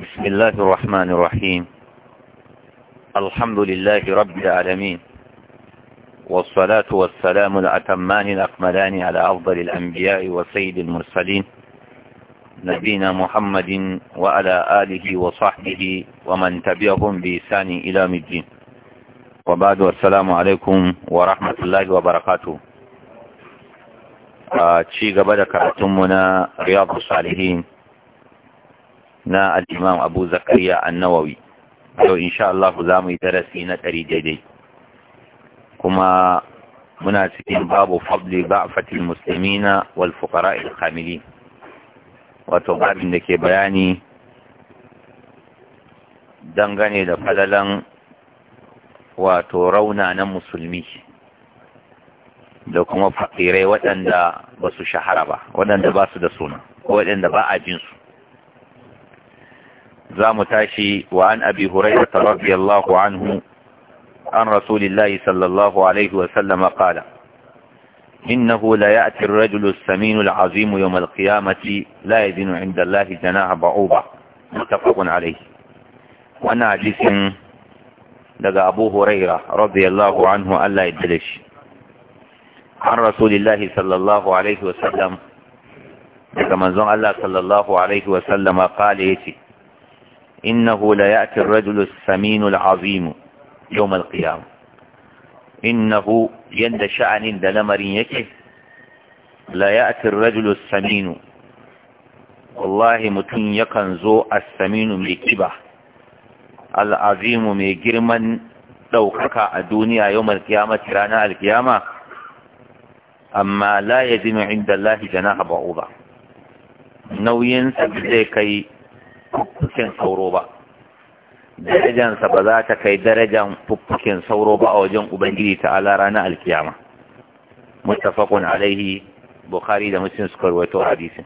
بسم الله الرحمن الرحيم الحمد لله رب العالمين والصلاة والسلام الأتمان الأكملان على أفضل الأنبياء وسيد المرسلين نبينا محمد وعلى آله وصحبه ومن تبعهم بإسان إلى مجين وبعد والسلام عليكم ورحمة الله وبركاته آه، شيء قبل كرتمنا رياض الصالحين na alimam Abu Zakariya An-Nawawi yau insha Allah za mu yi darasi na ɗari daidai kuma muna cikin babu a ba'fatil muslimina na walfukara kamili wato babin da ke bayani dangane da falalan wato rauna na musulmi da kuma fakirai waɗanda ba su shahara ba waɗanda ba su da suna waɗanda ba a jinsu za mu tashi wa an abi ta radiyallahu anhu an rasulillahi sallallahu alaihi wasallama kala innahu la ya'ti ar-rajulu as-saminu al-azimu yawm al-qiyamati la yadinu 'inda allahi janaha ba'uba mutafaqun alayhi wa ana hadithin daga abu huraira radiyallahu anhu allah yadlish an rasulillahi sallallahu alaihi wasallam daga manzon allah sallallahu alaihi wasallama qala yati إنه ليأتي الرجل الثمين العظيم يوم القيامة إنه يند شأن دلمر يكي ليأتي الرجل الثمين wallahi mutum yakan zo a saminu mai kiba al'azimu mai girman ɗaukaka a duniya yau malkiyamati ranar alkiyama amma la ya zinu inda nauyinsa zai kai fuffukin sauro ba darajansa ba za ta kai darajan fuffukin sauro ba a wajen ubangiji ta ala rana alkiyama muttafaqun alaihi bukhari da mutum suka rawaito hadisin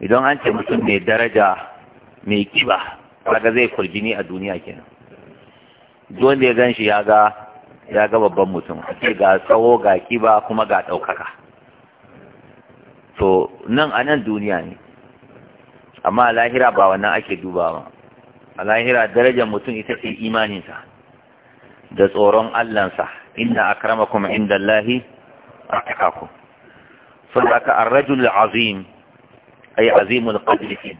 idan an ce mutum mai daraja mai kiba kaga zai kurjini a duniya kenan don da ya gan shi ya ga ya ga babban mutum ake ga tsawo ga kiba kuma ga ɗaukaka to nan a nan duniya ne amma a lahira ba wannan ake dubawa a lahira darajar mutum ita ce imaninsa da tsoron allansa inna akramakum indallahi atqakum saboda ar-rajul azim ay azimul qadri fi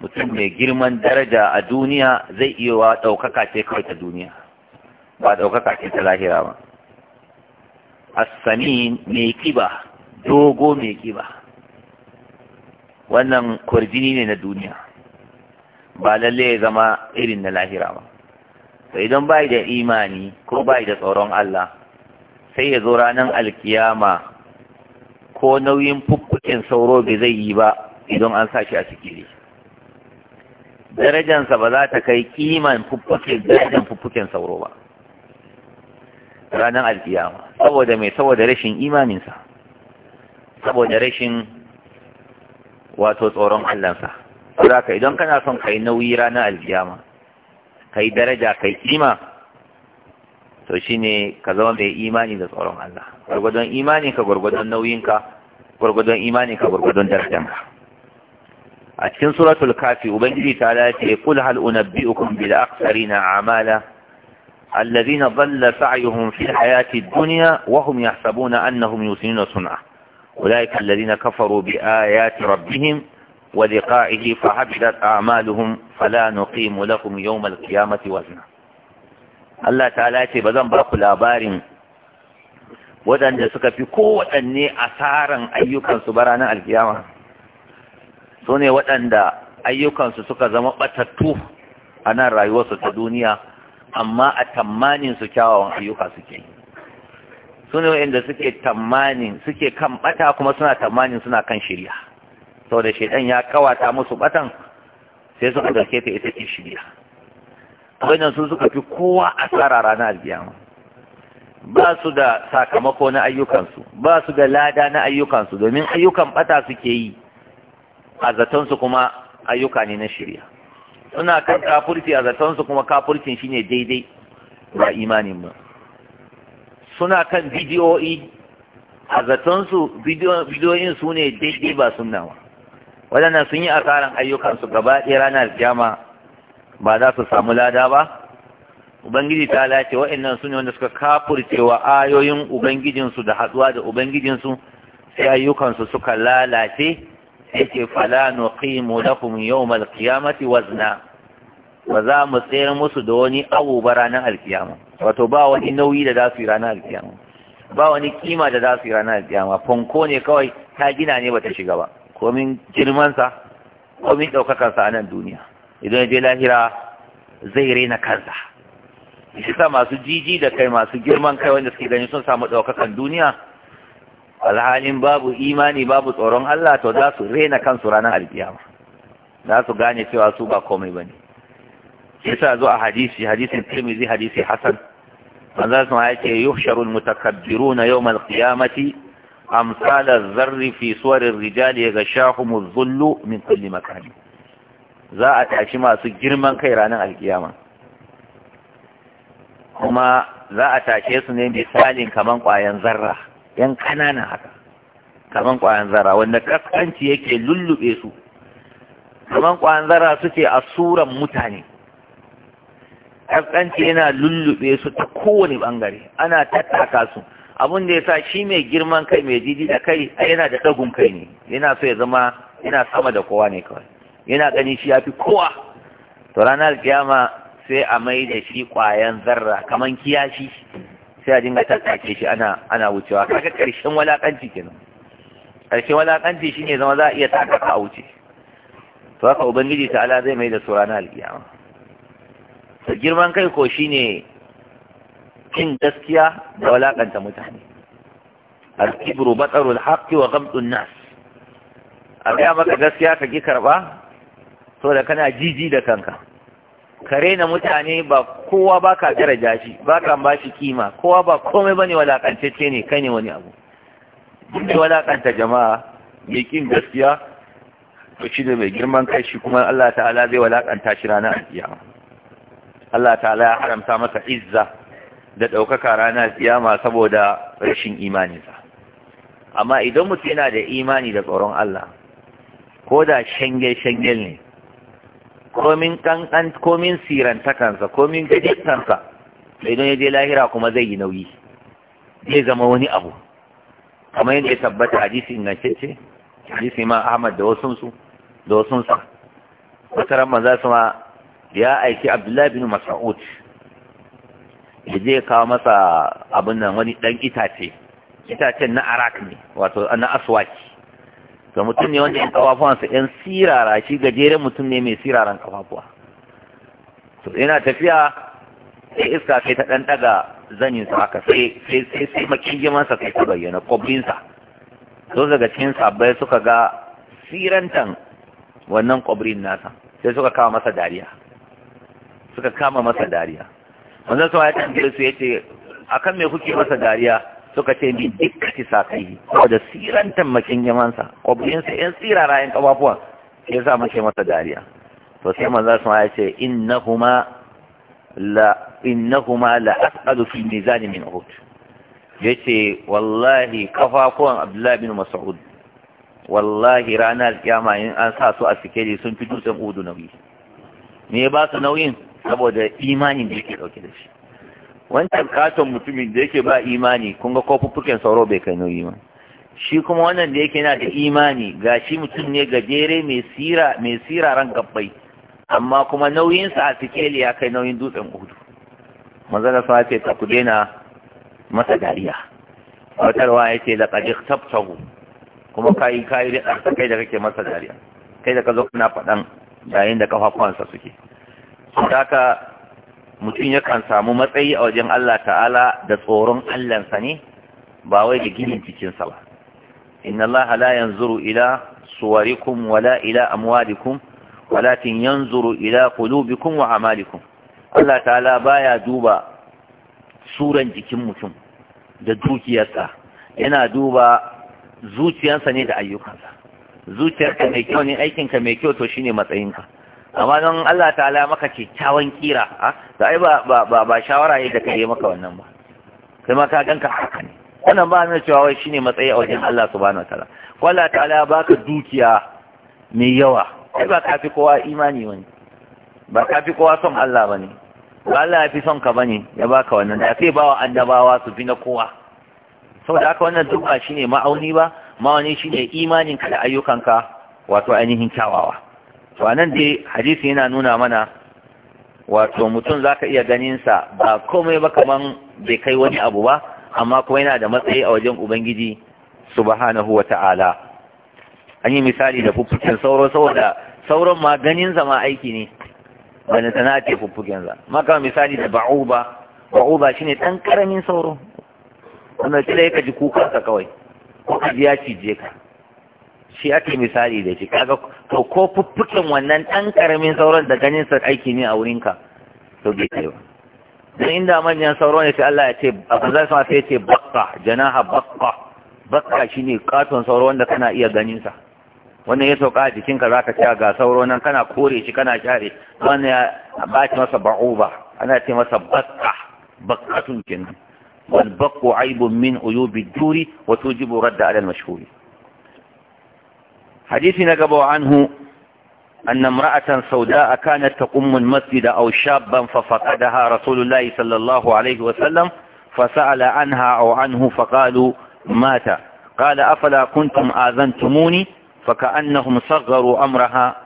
mutum mai girman daraja a duniya zai iya wa ɗaukaka ce kawai ta duniya ba ɗaukaka ce ta lahira ba A sami mai kiba dogo mai kiba wannan kwarjini ne na duniya ba lalle ya zama irin na lahira ba to idan bai da imani ko bai da tsoron Allah sai ya zo ranar alkiyama ko nauyin fuffukin sauro bai zai yi ba idan an sa shi a sikiri darajansa ba za ta kai kiman fuffukin darajan fuffukin sauro ba ranar alkiyama saboda mai saboda rashin imaninsa saboda rashin wato tsoron Kura saboda idan kana son kai nauyi ranar aljiyama, kai daraja kai kima to shine ka zama mai imani da tsoron Allah gurgudun imani ka gurgudun nauyinka gurgudun imani ka gurgudun darajanka a cikin suratul kafi ubangiji ta lace kul hal unabbiukum bil aktharina amala الذين ضل سعيهم في dunya wa hum yahsabuna annahum yusinuna sun'a. أولئك الذين كفروا بآيات ربهم ولقائه فحبطت أعمالهم فلا نقيم لهم يوم القيامة وزنا الله تعالى ce ba zan ba ku labarin waɗanda suka fi kowaɗanne asaran ayyukansu ba ranar alkiyama su ne waɗanda ayyukansu suka zama ɓatattu anan rayuwarsu ta duniya amma a tammanin su kyawawan ayyuka suke yi su ne wa'inda suke tamanin suke kan bata kuma suna tamanin suna kan shirya saboda shaidan ya kawata musu batan sai suka dauke ta ita ce shirya wannan su suka fi kowa asara ranar alkiyama ba su da sakamako na ayyukansu ba su da lada na ayyukansu domin ayyukan bata suke yi a zatonsu kuma ayyuka ne na shirya suna kan kafurci a zatonsu kuma kafurcin shine daidai ba imanin ba suna kan bidiyoyi a zatonsu bidiyoyin su ne daidai ba sunna ba waɗanda sun yi asaran ayyukansu gaba ɗaya ranar jama ba za su samu lada ba ubangiji ta lace waɗannan su ne wanda suka kafurcewa ayoyin ubangijinsu da haɗuwa da ubangijinsu sai ayyukansu suka lalace sai ce fala nuqimu lahum yawmal qiyamati wazna ba za mu tsayar musu da wani abu ba ranar alkiyama wato ba wani nauyi da za su yi ranar alkiyama ba wani kima da za su yi ranar alkiyama fanko ne kawai ta gina ne bata shiga ba komin girmansa komin ɗaukakarsa a nan duniya idan je lahira zai rena kansa shi sa masu jiji da kai masu girman kai wanda suke gani sun samu ɗaukakan duniya alhalin babu imani babu tsoron Allah to za su rena kansu ranar alkiyama za su gane cewa su ba komai ba yasa zo a hadisi hadisin Tirmidhi hadisi Hasan manzo sun ya ce yuhsharu al-mutakabbiruna yawm alqiyamati amsal azzarri zarri fi suwar ar-rijal yaghshahum adh-dhullu min kulli makan za a tashi masu girman kai ranar alqiyama kuma za a tashe su ne misalin kaman ƙwayan zarra yan kanana haka kaman ƙwayan zarra wanda kaskanci yake lullube su kaman ƙwayan zarra suke a suran mutane kaskanci yana lullube su ta kowane ɓangare, ana tattaka su abin da ya sa shi mai girman kai mai jiji da kai yana da ɗagun kai ne yana so ya zama yana sama da kowa ne kawai yana gani shi ya fi kowa to ranar kiyama sai a mai da shi ƙwayan zarra kamar kiyashi sai a dinga tattake shi ana wucewa kaga ƙarshen walakanci kenan ƙarshen shi shine zama za a iya taka a wuce to haka ubangiji ta'ala zai mai da su ranar kiyama girman kai ko shi ne cin gaskiya da walakanta mutane al-kibru batsarul haqqi wa ghamdun nas a ga maka gaskiya ka ki karba to da kana jiji da kanka ka rena mutane ba kowa ba ka daraja shi ba ka ba shi kima kowa ba komai bane walakantacce ne kai ne wani abu duk walakanta jama'a mai kin gaskiya to shi da mai girman kai shi kuma Allah ta'ala zai walakanta shi ranar alkiyama Allah ta'ala ya haramta masa izza da ɗaukaka rana tsiyama saboda rashin imaninsa amma idan mutu yana da imani da tsoron Allah ko da shangel-shangel ne komin ƙanƙan komin sirantakansa komin gajikansa idan ya je lahira kuma zai yi nauyi zai zama wani abu kamar yadda ya tabbata hadisi ingantacce hadisi ma Ahmad da wasunsu da wasunsa wata za su ma ya aiki abdullahi bin mas'ud da zai kawo masa abin nan wani dan itace itacen na arak ne wato na aswaki to mutum ne wanda yan kafafuwansa yan sirara shi gajeren mutum ne mai siraran kafafuwa to yana tafiya sai iska sai ta dan daga zanin sa haka sai sai sai sai sai ta bayyana kobbin sa to daga cikin sabbai suka ga sirantan wannan kobrin nasa sai suka kawo masa dariya suka kama masa dariya manzon sama ya tambaye su yace akan me kuke masa dariya suka ce ni dikkati sakai saboda siran tammakin yamansa kwabinsa yan tsirara yan kafafuwa ya sa mace masa dariya to sai manzon sama ya ce innahuma la asqalu fi mizani min uhud yace wallahi kafafuwan abdullahi bin mas'ud wallahi ranar kiyama in an sa su a sikeli sun fi dutsen udu nauyi me ba su nauyin saboda imanin da yake dauke da shi wancan katon mutumin da yake ba imani kun ga kofuffuken sauro bai kai nauyi ba shi kuma wannan da yake yana da imani ga shi mutum ne gajere mai sira mai siraran gabbai amma kuma nauyinsa a sikeli ya kai nauyin dutsen uhudu manzala sa ce ta ku daina masa dariya Wutarwa ya ce laqad ikhtabtahu kuma kai kai da kai da kake masa dariya kai da ka zo kana faɗan yayin da kafafuwansa suke saka mutum yakan samu matsayi a wajen Allah ta'ala da tsoron Allahnsa ne ba wai da ginin cikinsa ba inna Allah la yanzuru ila suwarikum wala ila amwalikum walakin yanzuru ila qulubikum wa amalikum Allah ta'ala baya duba suran jikin mutum da dukiyarsa yana duba zuciyarsa ne da ayyukansa zuciyarka mai kyau ne aikinka mai kyau to shine matsayinka amma don Allah ta'ala maka kyakkyawan kira a da ai ba shawara yi da kai maka wannan ba kai ma ka ganka haka ne wannan ba na cewa wai shine matsayi a wajen Allah subhanahu wataala ko Allah ta'ala baka dukiya mai yawa ai ba ka fi kowa imani wani ba ka fi kowa son Allah bane ba Allah ya fi son ka bane ya baka wannan da sai bawa annabawa su fi na kowa saboda haka wannan duk ba shine ma'auni ba ma'auni shine imanin ka da ayyukanka wato ainihin kyawawa to anan dai hadisi yana nuna mana wato mutum zaka iya ganin sa ba komai ba kaman bai kai wani abu ba amma kuma yana da matsayi a wajen ubangiji subhanahu wata'ala an yi misali da fuffukin sauro saboda sauron ma ganin zama ma aiki ne wani sana ce fuffukin sa maka misali da ba'uba ba'uba ne ɗan ƙaramin sauro wanda ya kaji ji ka kawai ko ka ji ya cije ka shi ake misali da shi kaga to ko fuffukin wannan ɗan ƙaramin sauran da ganin sa aiki ne a wurinka to bai kai ba dan inda manyan sauro ne sai Allah ya ce abu za su sai ce bakka janaha bakka bakka shine katon sauro wanda kana iya ganin sa wannan ya sauka a jikinka zaka ce ga sauro nan kana kore shi kana share wannan ya ba ce masa ba'uba ana ce masa bakka bakkatun kenan wal baqu aibun min uyubi duri wa tujibu radda ala al mashhuri حديث نقبوا عنه أن امرأة سوداء كانت تقوم المسجد أو شابا ففقدها رسول الله صلى الله عليه وسلم فسأل عنها أو عنه فقالوا مات قال أفلا كنتم آذنتموني فكأنهم صغروا أمرها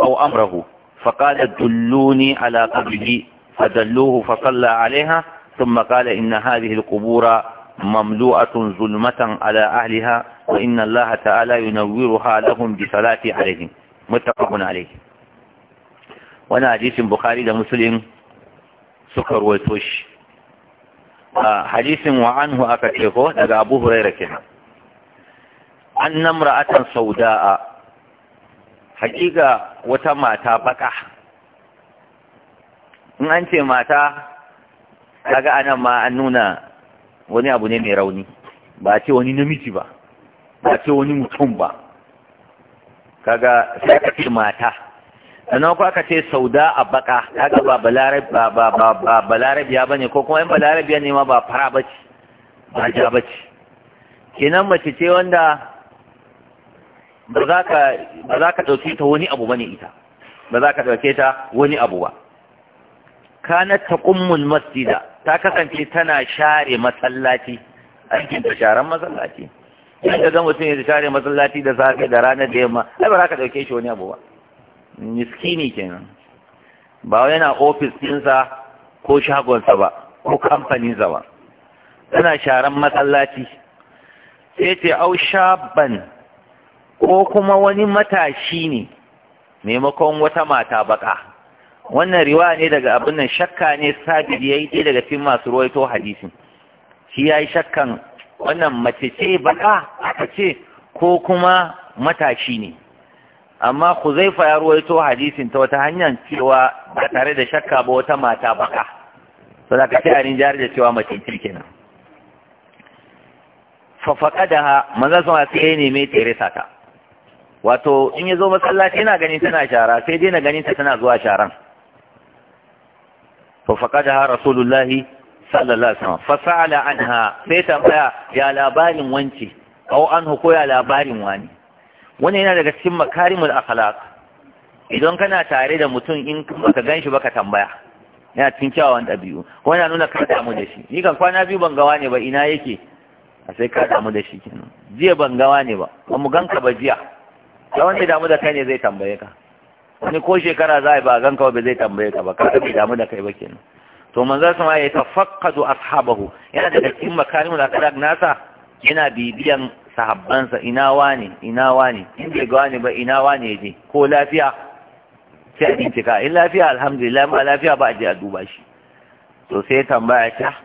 أو أمره فقال دلوني على قبره فدلوه فصلى عليها ثم قال إن هذه القبور مملوءة ظلمة على أهلها وإن الله تعالى ينورها لهم بصلاة عليهم متفق عليه وانا حديث بخاري ده مسلم سكر وتوش حديث وعنه أكتفه لقى أبو هريرة كنا أن امرأة سوداء حقيقة وتماتا بكح in أنت ماتا mata kaga anan ma wani abu ne mai rauni ba a ce wani namiji ba ba a ce wani mutum ba kaga sai ka ce mata sannan ko aka ce sauda a baka kaga ba balarabiya ba ne ba ko kuma yin balarabiya ne ma ba fara ba ci, ba ja ba ci. kenan mace ce wanda ba za ka ɗauke ta wani abu ba ne ita ba za ka ɗauke ta wani abu ba kanat taqummul masjida ta kasance tana share masallaci aikin ta sharan masallaci in ga mutum ya share masallaci da safe da ranar da yamma ai ba za ka dauke shi wani abu ba miskini kenan ba wai yana ofis dinsa ko shagonsa ba ko kamfaninsa ba tana sharan masallaci sai ce au shaban ko kuma wani matashi ne maimakon wata mata baka wannan riwa ne daga abin nan shakka ne sabid yayi daya daga cikin masu ruwaito hadisin shi yayi shakkan wannan mace ce baka aka ce ko kuma matashi ne amma zai ya ruwaito hadisin ta wata hanyar cewa ba tare da shakka ba wata mata baka so da ce a jari da cewa mace ce kenan fa faqadaha maza sun sai ya neme Teresa ta wato in ya zo masallaci yana ganin tana shara sai dai na ganin ta tana zuwa sharan fa الله صلى sallallahu alaihi وسلم fa عنها anha sai يا ya labarin wanci au anhu ko ya labarin wani wannan yana daga cikin makarimul akhlaq idan kana tare da mutum in baka ganshi baka tambaya yana cikin kyawawan ɗabi'u Wani yana nuna ka damu da shi ni kan kwana biyu ban gawa ne ba ina yake a sai ka damu da shi kenan jiya ban gawa ne ba amma ganka ba jiya ta wanda damu da kai ne zai tambaye ka wani ko shekara za a yi ba a gan kawai zai tambaye ka ba ka bai damu da kai ba kenan to manzo sama ya tafaqqadu ashabahu yana daga cikin makarimul akhlaq nasa yana bibiyan sahabbansa ina wani ina wani in bai ga wani ba ina wani ya je? ko lafiya sai a bincika in lafiya alhamdulillah ma lafiya ba a je a duba shi to sai tambaya ta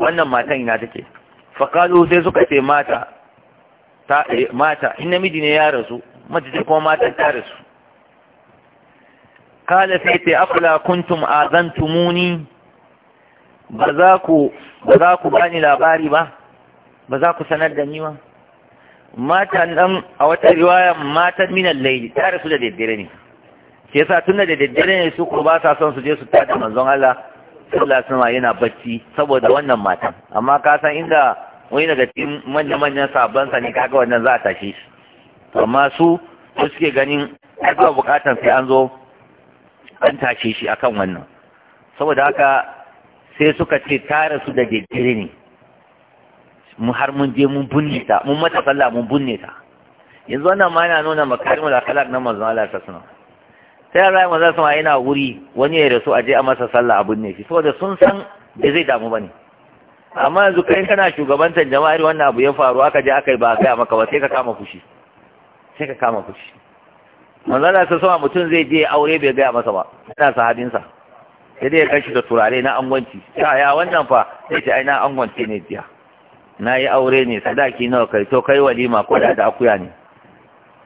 wannan matan ina take faqalu sai suka ce mata ta eh, mata in namiji ne ya rasu mace ce kuma matan ta rasu kala sai ta afla kuntum azantumuni ba za ku ba za bani labari ba ba za ku sanar da ni ba matan nan a wata riwaya matan minan laili ta rasu da daddare ne shi yasa tun da daddare ne su ko ba sa son su je su tada manzon Allah sallallahu alaihi wasallam yana bacci saboda wannan matan amma ka san inda wani daga cikin manya-manyan sabon sa ne kaga wannan za a tashe shi amma su su suke ganin ba bukatan sai an zo an tashe shi akan wannan saboda haka sai suka ce tare su da daddare ne mu har mun je mun binne ta mun mata sallah mun bunne ta yanzu wannan ma yana nuna makarimul akhlaq na manzon Allah ta sunan sai Allah manzon sama yana wuri wani ya rasu aje a masa sallah a bunne shi saboda sun san da zai damu bane amma yanzu kai kana shugabantar jama'ar wannan abu ya faru aka je aka yi ba kai maka ba sai ka kama fushi sai ka kama fushi manzala ta sama mutum zai je aure bai gaya masa ba yana sahabinsa sai dai ya kashi da turare na angwanci ta ya wannan fa sai ce ai na angwanci ne jiya na yi aure ne sadaki nawa kai to kai walima ko da akuya ne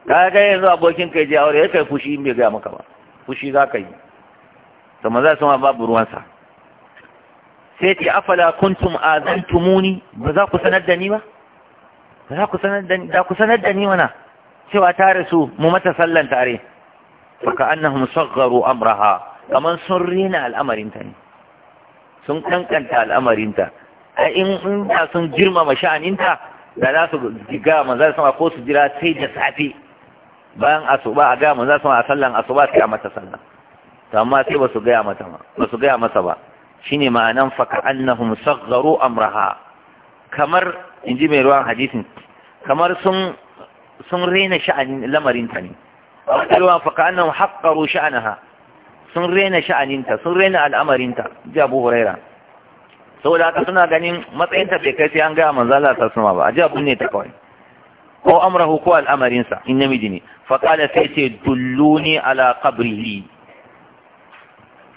ka ga yanzu abokin kai je aure ya kai fushi in bai gaya maka ba fushi za ka yi to su sama babu ruwansa sai ce afala kuntum azantumuni ba za ku sanar da ni ba ba za ku sanar da ni ba za ku sanar da ni mana cewa ta rasu mu mata sallan tare faka annahum saggaru amraha kaman sun rina al'amarinta ne sun kankanta al'amarinta a in da sun girmama sha'aninta da za su ga manzar sama ko su jira sai da safe bayan asuba a ga manzar sama a sallan asuba sai a mata sallan to amma sai ba su gaya mata ba ba su gaya masa ba shine ma'anan faka annahum saggaru amraha kamar inji mai ruwan hadisin kamar sun sun rena sha'anin lamarinta ne a fa ka annahu haqqaru sha'anaha sun rena sha'aninta sun rena al'amarinta ji abu huraira saboda haka suna ganin matsayin ta bai kai sai an gaya manzala ta suma ba a ji abu ne ta kawai ko amrahu ko al'amarinsa in namiji ne qala sai ce dulluni ala qabrihi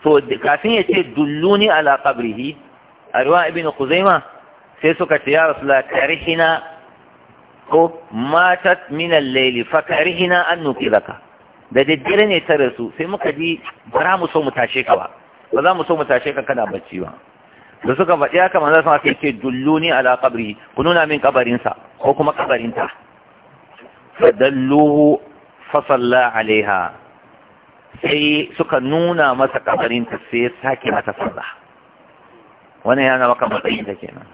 to kafin ya ce dulluni ala qabrihi arwa ruwa ibn kuzaima sai suka ce ya rasulullah karihina ko matat min al-layli fa karihna an nuqidaka da daddare ne ta rasu sai muka ji bara mu so mu tashe ka ba ba za mu so mu tashe ka kana bacci ba da suka faɗi haka manzo sama sai ce dulluni ala qabri ku nuna min kabarinsa ko kuma kabarinta ta fa salla alaiha sai suka nuna masa ta sai ya sake mata sallah wannan yana maka matsayin ta kenan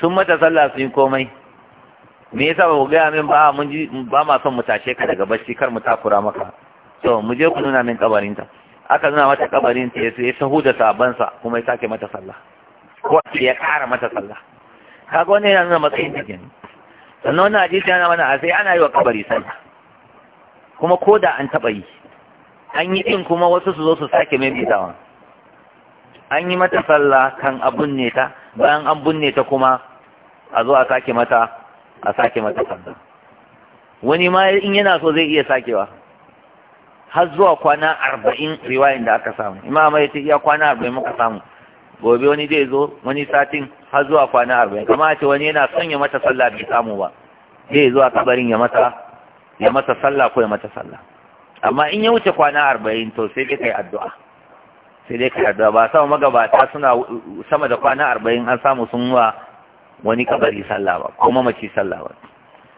sun mata sallah sun komai me yasa ba ku gaya min ba mun ji ba ma son mu tashe ka daga bacci kar mu takura maka to mu je ku nuna min kabarinta aka nuna mata kabarinta ya ya sahu da sabansa kuma ya sake mata sallah ko ya kara mata sallah kaga wannan yana nuna matsayin ta kenan sannan wannan hadisi yana mana a sai ana yi wa kabari sallah kuma ko da an taɓa yi an yi din kuma wasu su zo su sake mai bidawa an yi mata sallah kan a ne ta bayan an binne ta kuma a zo a sake mata a sake mata sanda wani ma in yana so zai iya sakewa har zuwa kwana arba'in riwayin da aka samu imama ya ce iya kwana arba'in muka samu gobe wani zai zo wani satin har zuwa kwana arba'in kama ce wani yana son ya mata sallah bai samu ba zai zuwa kabarin ya mata ya mata sallah ko ya mata sallah amma in ya wuce kwana arba'in to sai dai kai addu'a sai dai kai addu'a ba sama magabata suna sama da kwana arba'in an samu sun wa wani kabari sallah ba kuma mace sallah ba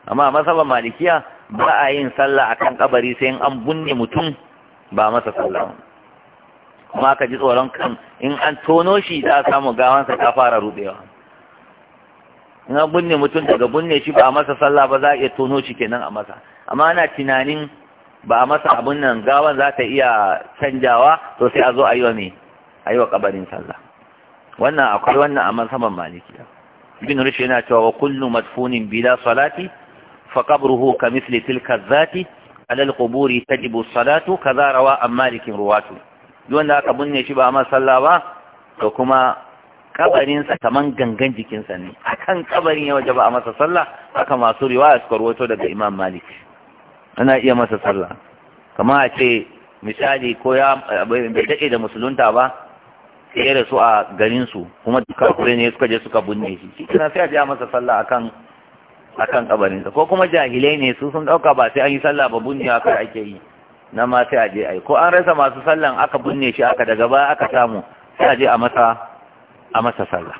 amma a ba malikiya ba a yin sallah akan kabari sai an bunne mutum ba masa sallah kuma ka ji tsoron kan in an tono shi za a samu gawansa ta fara rubewa in an bunne mutum daga bunne shi ba a masa sallah ba za a iya tono shi kenan a masa amma ana tunanin ba a masa abun nan gawan za ta iya canjawa to sai a zo a yi wa a yi wa kabarin sallah wannan akwai wannan a masaban malikiya ibn rushd yana cewa wa kullu madfunin bila salati fa qabruhu ka misli tilka dhati ala al-qubur tajibu salatu kaza rawa an malikin ruwatu duk wanda aka binne shi ba ma sallah ba to kuma kabarinsa kaman gangan jikinsa ne kan kabarin ya waje ba a masa sallah haka masu riwaya suka rawaito daga imam malik ana iya masa sallah kamar a ce misali ko ya bai daɗe da musulunta ba da su a garinsu kuma duka kure ne suka je suka binne shi shi kina sai a masa sallah akan akan kabarinsa ko kuma jahilai ne su sun dauka ba sai an yi sallah ba binne aka ake yi na ma sai a je ai ko an rasa masu sallan aka binne shi aka daga baya aka samu sai a je a masa a masa sallah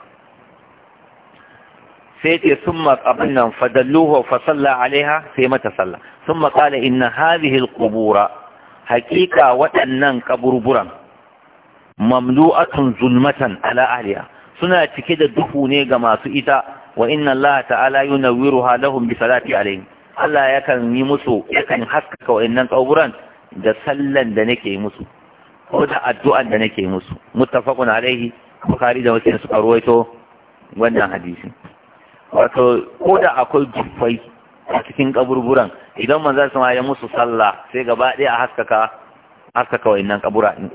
sai ce sun abin nan fadalluhu fa salla alaiha sai mata sallah sun qala inna hadhihi alqubura haqiqa waɗannan kaburburan mamlu'atun zulmatan ala ahliha suna cike da duhu ne ga masu ita wa inna Allah ta'ala yunawwiruha lahum bi salati alayhim Allah yakan yi musu yakan haskaka wa'annan kaburan da sallan da nake musu ko da addu'an da nake musu muttafaqun Alayhi, bukhari da muslim suka ruwaito wannan hadisi wato ko da akwai dufai a cikin kaburburan idan manzo sama ya musu sallah sai gaba ɗaya a haskaka haskaka wa'annan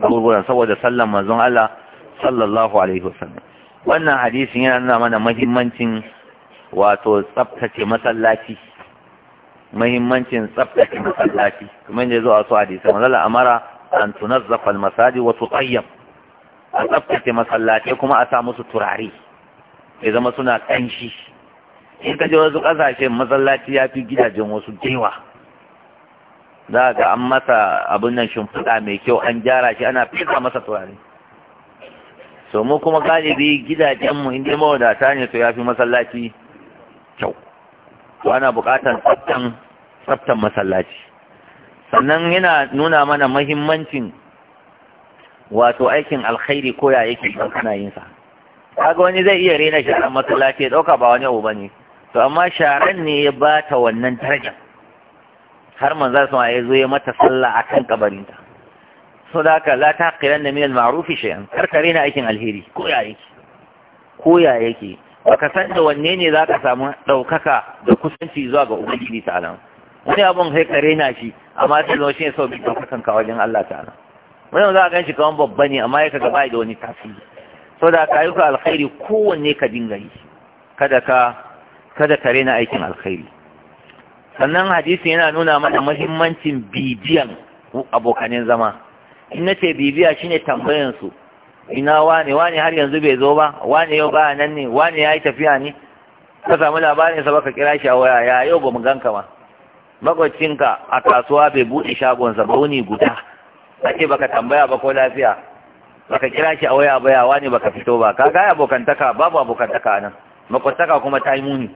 kaburburan saboda sallan manzon Allah sallallahu alaihi wasallam wannan hadisin yana nuna mana mahimmancin wato tsaftace masallaci muhimmancin tsaftace masallaci kuma ne zuwa su hadisi manzon amara an tunazzafa al-masajid wa tutayyab a tsaftace masallaci kuma a sa musu turare ya zama suna kanshi in ka je wasu kasashe masallaci ya fi gidajen wasu gewa za ga an masa abin nan shimfiɗa mai kyau an gyara shi ana fesa masa turare so mu kuma galibi gidajenmu in mawadata ne to ya fi masallaci kyau to ana buƙatar tsaftan masallaci sannan yana nuna mana mahimmancin wato aikin alkhairi ko ya yake kana yin sa kaga wani zai iya rena sharan masallaci ya ɗauka ba wani abu bane to amma sharan ne ya bata wannan darajar har man sama ya zo ya mata sallah akan kabarinta so da haka la ta kiran da min al-ma'ruf shay'an kar kare na aikin alheri ko ya yake ko ya yake baka san da wanne ne zaka samu daukaka da kusanci zuwa ga ubangiji ta'ala wani abun sai kare na shi amma sai zo shi so bi kusan ka wajen Allah ta'ala wani za ka ganshi kaman babba ne amma ya gaba da wani tasiri so da ka yi alkhairi kowanne ka dinga yi kada ka kada ka na aikin alkhairi sannan hadisi yana nuna mana mahimmancin bibiyan abokanin zama in nace bibiya shine tambayan su ina wane wane har yanzu bai zo ba wane yau ba nan ne wane ya yi tafiya ne ka samu labarin sa baka kira shi a waya ya yau ba mu ganka ba makwacinka a kasuwa bai buɗe shagonsa ba wuni guda ake baka tambaya ba ko lafiya baka kira shi a waya ba ya wane baka fito ba ka ga abokantaka babu abokantaka nan makwataka kuma ta yi muni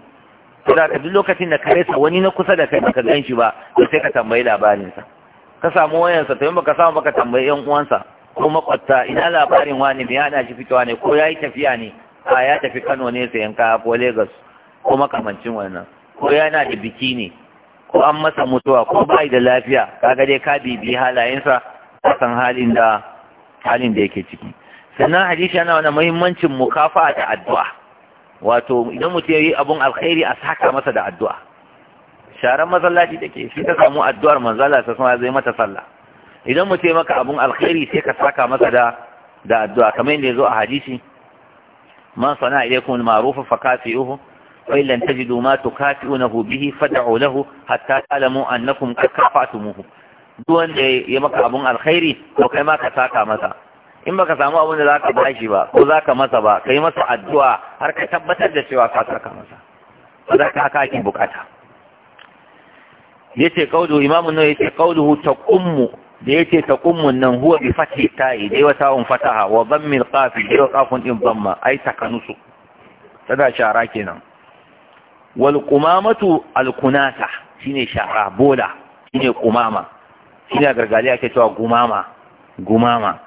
saboda duk lokacin da ka rasa wani na kusa da kai baka gan shi ba to sai ka tambayi labarinsa ka samu wayansa to in baka samu baka tambayi yan uwansa ko makwabta ina labarin wani me yana shi fitowa ne ko yayi tafiya ne a ya tafi Kano ne sayan kaya ko Lagos ko makamancin wannan ko yana da biki ne ko an masa mutuwa ko bai da lafiya kaga dai ka bibi halayen sa san halin da halin da yake ciki sannan hadisi yana wani muhimmancin mukafa da addu'a wato idan mutum ya yi abun alkhairi a saka masa da addu'a sharan masallaci ke shi ta samu addu'ar manzala ta sama zai mata sallah idan mutum maka abun alkhairi sai ka saka masa da addu'a kamar yadda ya zo a hadisi man sana ilaikum ma'rufa fa kafi'uhu wa illan tajidu ma tukafi'unahu bihi fad'u lahu hatta alamu, annakum qad kafa'tumuhu duk wanda ya maka abun alkhairi to kai ma ka saka masa in baka samu abin da zaka bashi ba ko zaka masa ba Ka yi masa addu'a har ka tabbatar da cewa ka saka masa ka haka ake bukata yace qawlu imamu nawawi yace qawluhu taqummu da yace taqummu nan huwa bi fathi ta'i dai wata un fataha wa dhammi qaf dai wa qafun din dhamma ai takanusu Tana shara kenan wal qumamatu al kunasa shine shara bola shine qumama shine gargaliya ake cewa gumama gumama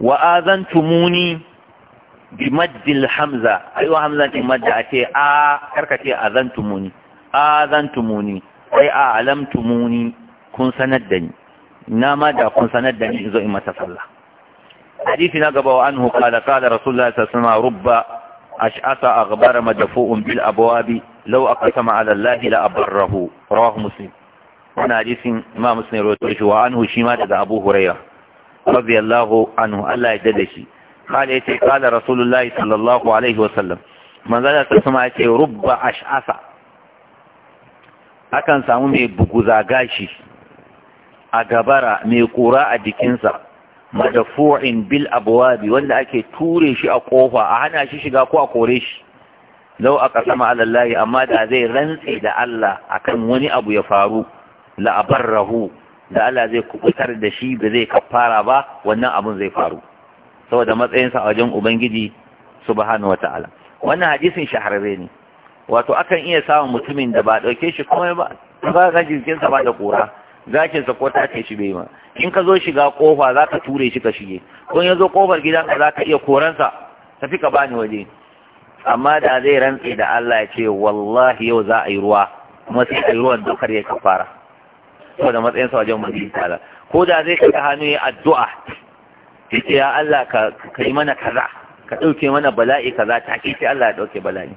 wa azantumuni bi maddil hamza ayo hamza din madda ce a karkace azantumuni azantumuni ai a alamtumuni kun sanar da ni na ma da kun sanar da ni in zo in mata sallah hadithi na gaba wa anhu qala qala rasulullahi sallallahu alaihi wasallam rubba ash'asa aghbara madfu'un bil abwabi law aqsama ala allahi La'abar, abarrahu rawahu muslim wannan hadisin imam muslim rawaito shi wa anhu shi ma daga abu hurairah radiyallahu anhu Allah ya dade shi قال يتي قال رسول الله صلى الله عليه وسلم من ذا تسمع يتي رب أشعث akan samu mai buguza gashi a gabara mai kura a jikinsa madafu'in bil abwabi wanda ake ture shi a kofa a hana shi shiga ko a kore shi lau a kasama alallahi amma da zai rantse da Allah akan wani abu ya faru la'abarrahu da Allah zai kubutar da shi ba zai kafara ba wannan abun zai faru saboda matsayinsa a wajen ubangiji subhanahu wataala wannan hadisin shahararre ne wato akan iya samun mutumin da ba dauke shi kuma ba ba ga jirginsa ba da kura zakin sa ko ta kai shi bai ma in ka zo shiga kofa zaka ture shi ka shige ko ya zo kofar gidanka za ka iya koransa tafi ka bani waje amma da zai rantse da Allah ya ce wallahi yau za a yi ruwa kuma sai a yi ruwan dokar ya kafara saboda matsayinsa wajen ubangiji tsara ko da zai kaga hannu ya addu'a ke ya Allah ka kai mana kaza ka dauke mana bala'i kaza ta ce Allah ya dauke bala'i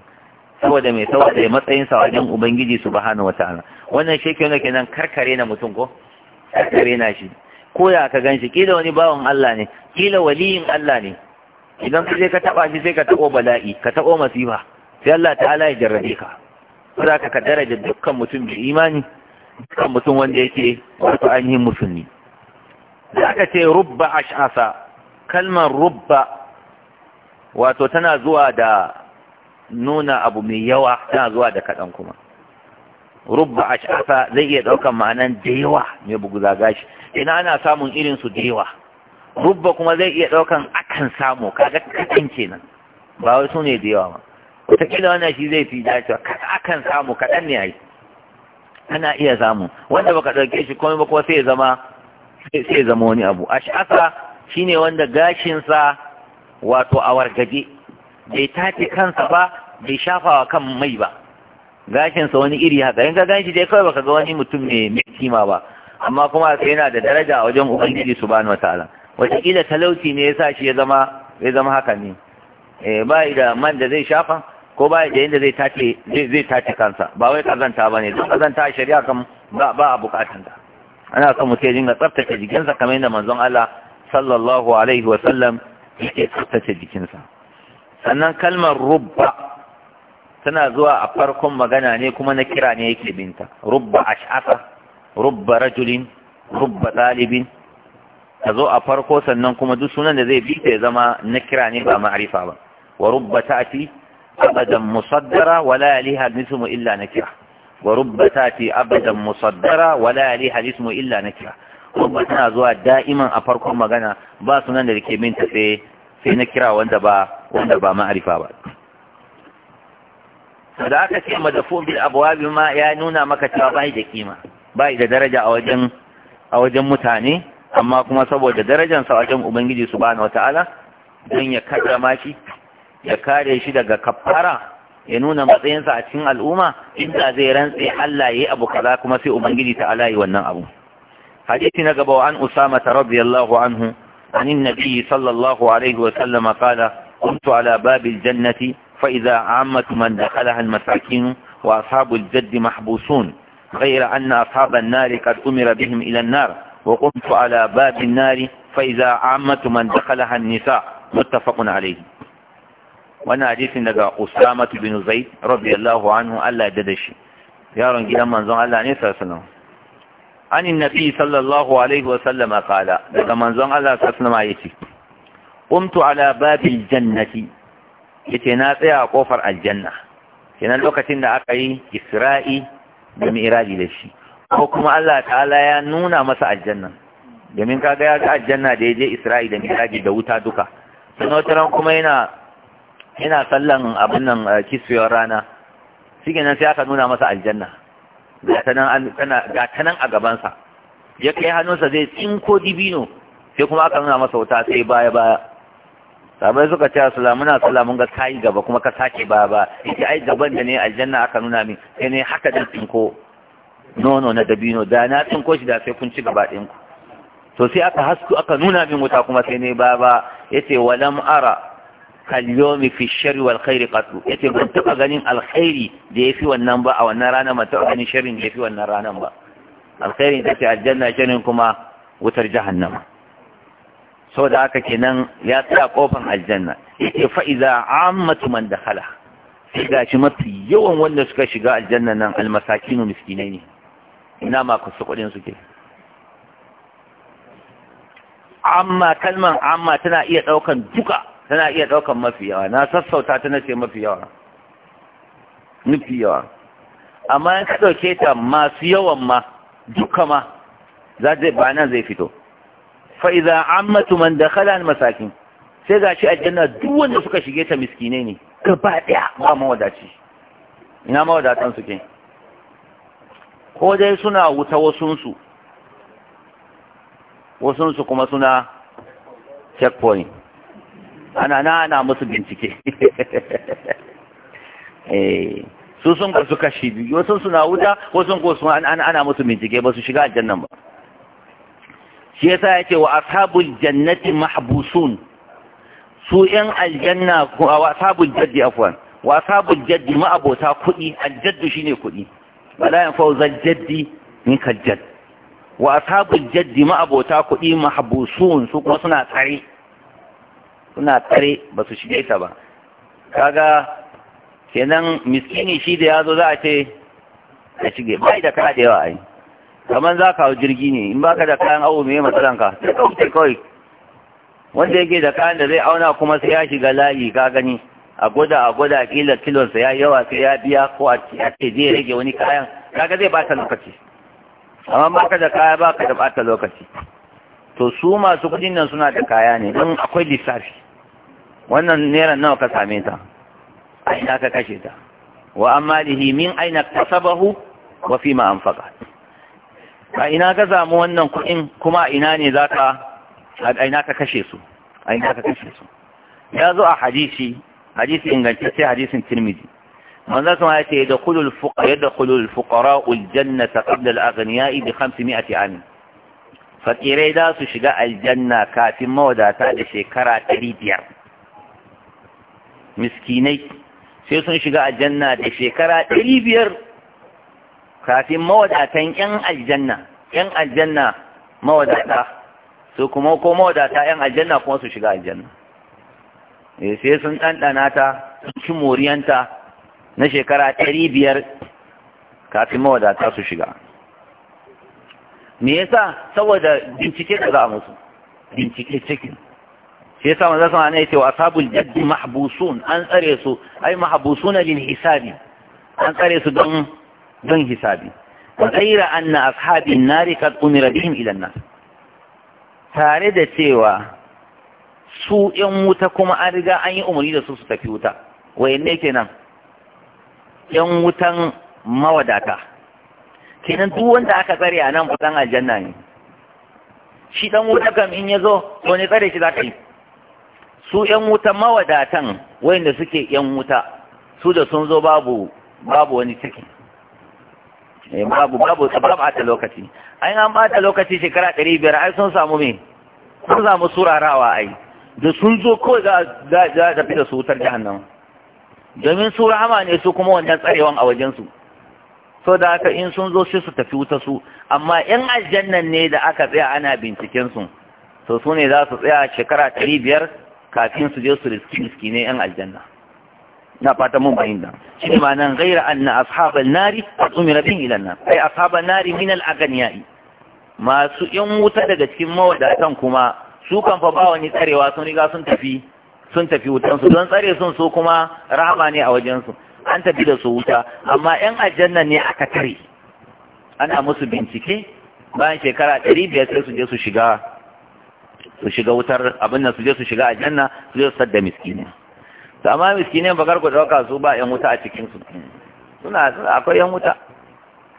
saboda mai saboda matsayinsa wajen ubangiji subhanahu wataala wannan shi ke kenan karkare na mutum ko karkare na shi ko ya ka ganshi kila wani bawan Allah ne kila waliyin Allah ne idan ka je ka taba shi sai ka tabo bala'i ka tabo masifa sai Allah ta'ala ya jarrabe ka saboda ka kaddara da dukkan mutum bi imani kan mutum wanda yake wato ainihin musulmi da aka ce rubba ash'asa kalmar rubba wato tana zuwa da nuna abu mai yawa tana zuwa da kaɗan kuma rubba ash'asa zai iya ɗaukar ma'anan da yawa mai bugu gashi ina ana samun irin su da yawa rubba kuma zai iya ɗaukan akan samu kaga kaɗan kenan ba wai su ne da yawa ba wataƙila wannan shi zai fi dacewa akan samu kaɗan ne a yi ana iya samu wanda baka ɗauke shi komai ba ko sai ya zama sai zama wani abu ash'asa shine wanda gashinsa wato a wargaje bai tace kansa ba bai shafawa kan mai ba gashinsa wani iri haka in ka ganshi dai kawai baka ga wani mutum ne mai kima ba amma kuma sai yana da daraja a wajen ubangiji subhanahu wataala wataƙila talauci ne yasa shi ya zama ya zama haka ne eh bai da man da zai shafa ko ba da yadda zai tace zai tace kansa ba wai kazanta bane don kazanta a shari'a kam ba ba a bukatun ta ana son mutum ya dinga tsaftace jikinsa kamar yadda manzon Allah sallallahu alaihi wa sallam yake tsaftace jikinsa sannan kalmar rubba tana zuwa a farkon magana ne kuma na kira ne yake binta rubba ash'asa rubba rajulin rubba ɗalibin ta zo a farko sannan kuma duk sunan da zai bi ta ya zama na kira ne ba ma'arifa ba wa rubba ta'ati أبدا مصدرة ولا يليها الاسم إلا نكرة ورب تأتي أبدا مصدرة ولا يليها الاسم إلا نكرة رب تنازوها دائما أفركم مغانا باسنا لكي من تفي في نكرة واندبا واندبا معرفة بعد da aka ce madafun bil abwabi ma ya nuna maka cewa bai da kima bai da daraja a wajen mutane amma kuma saboda sa, wajen ubangiji subhanahu wataala ya karrama shi ya kare shi daga kafara ya nuna matsayinsa a cikin al'umma inda zai rantse Allah yayi abu kaza kuma sai ubangiji ta alai wannan abu hadisi na gaba wa an usama radiyallahu anhu anin nabi sallallahu alaihi wa sallam qala kuntu ala babil jannati fa idha ammat man dakhalaha al mahbusun غير أن أصحاب النار قد أمر بهم إلى النار وقمت على باب النار فإذا عمت من دخلها النساء wannan hadisin daga Usama bin Zaid radiyallahu anhu Allah ya dade shi yaron gidan manzon Allah ne sallallahu alaihi wasallam anin nabi sallallahu alaihi wasallam qala daga manzon Allah sallallahu alaihi wasallam yace qumtu ala babil jannati yace na tsaya a kofar aljanna kenan lokacin da aka yi Isra'i da Mi'raji da shi ko kuma Allah ta'ala ya nuna masa aljanna domin kaga ya ga aljanna da ya je Isra'i da Mi'raji da wuta duka sannan kuma yana yana sallan abin nan eh, kisfiyar rana shi nan sai aka nuna masa aljanna ga ta nan a gabansa ya kai hannunsa zai tsinko dibino sai kuma aka nuna masa wuta sai baya baya sabai suka ce asala muna sallah mun ga kayi gaba kuma ka sake baya baya yace ai gaban da ne aljanna aka nuna min sai ne haka da tsinko nono na dabino da na tsinko shi da sai kun ci gaba ɗinku to sai aka hasku aka nuna min wuta kuma sai ne baya baya ce walam ara kalyomi fi shari wal khairi qatlu yace ban taba ganin alkhairi da yafi wannan ba a wannan rana ba taba ganin sharrin da yafi wannan ranar ba alkhairi da ke aljanna sharrin kuma wutar jahannama sau da haka kenan ya tsaya kofan aljanna yace fa iza ammatu man dakhala sai gashi mafi yawan wanda suka shiga aljanna nan almasakinu miskinai ne ina ma kusa kudin suke amma kalman amma tana iya daukan duka tana iya ɗaukan mafi yawa na sassauta ta nace mafi yawa nufi yawa amma in ka ɗauke ta masu yawan ma duka ma za zai ba nan zai fito fa idza ammatu man dakhala al masakin sai gashi aljanna duk wanda suka shige ta miskine ne gaba daya ba mawadaci ina mawadatan suke ko dai suna wuta wasunsu wasunsu kuma suna checkpoint ana na ana musu bincike eh, su sun su kashi biyu wasu suna wuta wasu ko su ana musu bincike ba su shiga aljanna ba shi yasa ya ce wa ashabul jannati mahbusun su yan aljanna wa ashabul jaddi afwan wa ashabul jaddi ma abota kuɗi aljaddu shine kuɗi wala yan fawzal jaddi min kal jadd wa ashabul jaddi ma abota kuɗi mahbusun su kuma suna tsare suna tare ba su shige ta ba kaga kenan miskini shi da ya zo za a ce ka shige bai da kana da yawa ai kamar za ka hau jirgi ne in baka da kayan awo mai matsalanka sai ka wuce kawai wanda yake da kayan da zai auna kuma sai ya shiga layi ka gani a gwada a gwada kila kilonsa ya yawa sai ya biya ko a ce zai rage wani kayan kaga zai bata lokaci amma baka da kaya baka da bata lokaci to su masu kudin nan suna da kaya ne don akwai lissafi wannan naira nawa ka same ta a ina ka kashe ta wa amma lihi min aina kasabahu wa fi ma anfaqa a ina ka samu wannan kudin kuma a ina ne zaka a ka kashe su a ina ka kashe su ya zo a hadisi hadisi ingantacce hadisin tirmidhi manzo kuma ya ce yadkhulul fuqara yadkhulul fuqara aljannata qabla al-aghniya'i bi 500 fakirai za su shiga aljanna kafin mawadata da shekara ɗari biyar miskinai sai sun shiga aljanna da shekara ɗari biyar kafin mawadatan ‘yan aljanna ‘yan aljanna mawadata su kuma ko mawadata ‘yan aljanna kuma su shiga aljanna eh, sai sun ɗanɗana ta sun ci moriyanta na shekara ɗari biyar kafin mawadata su shiga me yasa saboda bincike da za a musu bincike cikin shi yasa manzo sama ne cewa wa ashabul jadd mahbusun an tsare su ai mahbusun lil hisabi an tsare su don don hisabi wa ghayra anna ashabin nari kad umira bihim ila nas tare da cewa su yan wuta kuma an riga an yi umarni da su su tafi wuta wayanne kenan yan wutan mawadata kenan duk wanda aka tsare a nan kusan aljanna ne shi dan wuta kam in ya zo to ne tsare shi za ka yi su yan wuta mawadatan wayanda suke yan wuta su da sun zo babu babu wani ciki eh, babu babu a ta lokaci ai an ta lokaci shekara ɗari biyar ai sun samu me sun samu surarawa ai da sun zo kawai za a da da su wutar jahannama domin su rahama ne su kuma wannan tsarewan a wajensu so da haka in sun zo shi su tafi wuta su amma in aljannan ne da aka tsaya ana binciken su to su ne za su tsaya shekara ɗari biyar kafin su je su riski riski ne yan aljanna na fata mun bayyana shi ma nan gaira anna ashabal nari umira bin ila nan ai ashabal nari min al aganiyai masu yan wuta daga cikin mawadatan kuma su kan fa ba wani tsarewa sun riga sun tafi sun tafi wutansu don tsare sun so kuma rahama ne a wajensu an tafi da su wuta amma yan aljanna ne aka tare ana musu bincike bayan shekara ɗari biyar sai su je su shiga su shiga wutar abin nan su je su shiga aljanna su je su sadda miskinin to amma miskinin bakar ku ɗauka su ba yan wuta a cikin su suna akwai yan wuta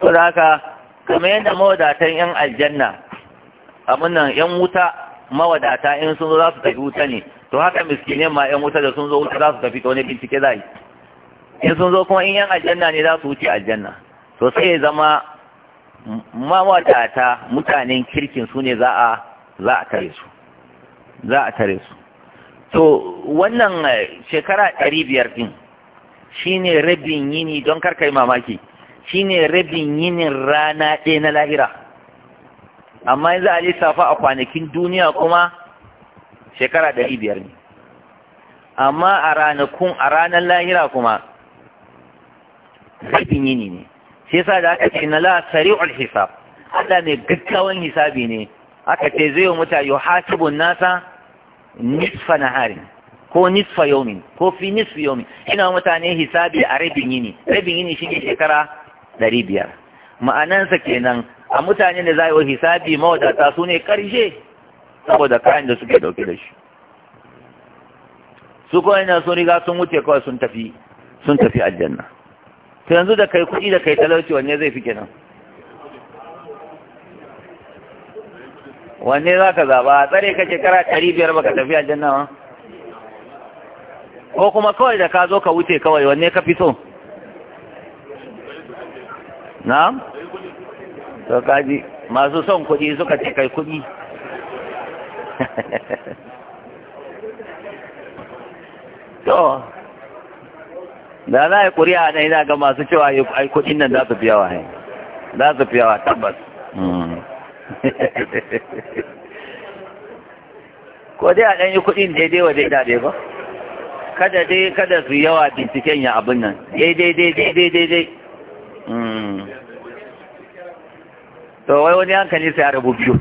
to da haka kamar yadda mawadatan yan aljanna abin nan yan wuta mawadata in sun zo za su tafi wuta ne to haka miskinin ma yan wuta da sun zo wuta za su tafi ta wani bincike za yi in sun zo kuma in yan aljanna ne za su wuce aljanna to sai ya zama mawadata mutanen kirkin su ne za a tare su za a tare su to wannan eh, shekara ɗari biyar ɗin ne rabin yini don karkai mamaki Shi ne rabin yinin rana ɗaya na lahira amma yanzu a lissafa a kwanakin duniya kuma shekara ɗari biyar ne amma a ranakun a ranar lahira kuma zafin yini ne shi yasa da aka ce na la sari'ul hisab Allah mai gaggawan hisabi ne aka ce zai wa mutane yuhasibun nasa nisfa hari ko nisfa yomin ko fi nisfa yawmin ina mutane hisabi a rabin yini rabin yini shi ne shekara ɗari biyar ma'anansa kenan a mutane da za yi wa hisabi mawadata su ne ƙarshe saboda kayan da suke ɗauke da shi su kawai na sun riga sun wuce kawai sun tafi sun tafi aljanna to yanzu da kai kuɗi da kai talauci wanne zai fi kenan wanne za ka zaba tsare ka shekara ɗari biyar baka tafi aljanna ba ko kuma kawai da ka zo ka wuce kawai wanne ka fi so na'am to kaji masu son kuɗi suka ce kai kuɗi to da za a yi ƙuri'a nan yana ga masu cewa ai kudin nan za su fi yawa eh. za su fi yawa tabbas hmm. ko dai a ɗanyi kuɗin daidai wa daida dai ba kada dai kada su yawa binciken ya abin nan daidai daidai daidai dai hmm. to wai wani hankali sai a rabu biyu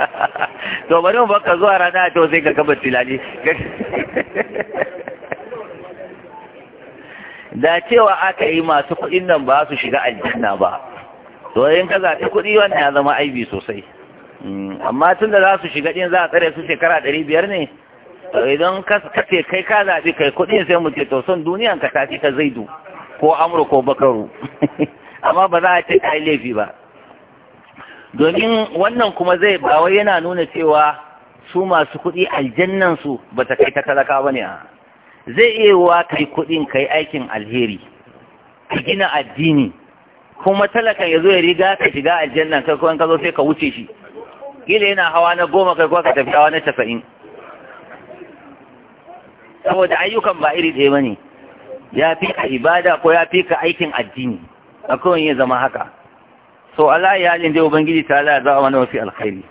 to bari mu baka zuwa rana to sai ka gaba tilali da cewa aka yi masu kuɗin nan ba su shiga aljanna ba to in ka zaɓi kuɗi wannan ya zama aibi sosai mm, amma tun da za su shiga ɗin za a tsare su shekara ɗari biyar ne idan ka ce kai ka zaɓi kai kuɗin sai mu ce to son duniyan ka tafi ta zaidu ko amur ko bakaru amma ba za a ce kai laifi ba domin wannan kuma zai ba wai yana nuna cewa su masu kuɗi aljannan su ba ta kai ta talaka ba ne a zai iya wa kai kuɗin kai aikin alheri ka gina addini kuma talakan ya zo ya riga ka shiga aljanna kai kuma ka zo sai ka wuce shi kila yana hawa na goma kai kuma ka tafi hawa na casa'in. saboda ayyukan ba iri ɗaya bane ya fi ka ibada ko ya fi ka aikin addini akwai ya zama haka so Allah ya halin dai ubangiji ta Allah ya a wani wasu alkhairi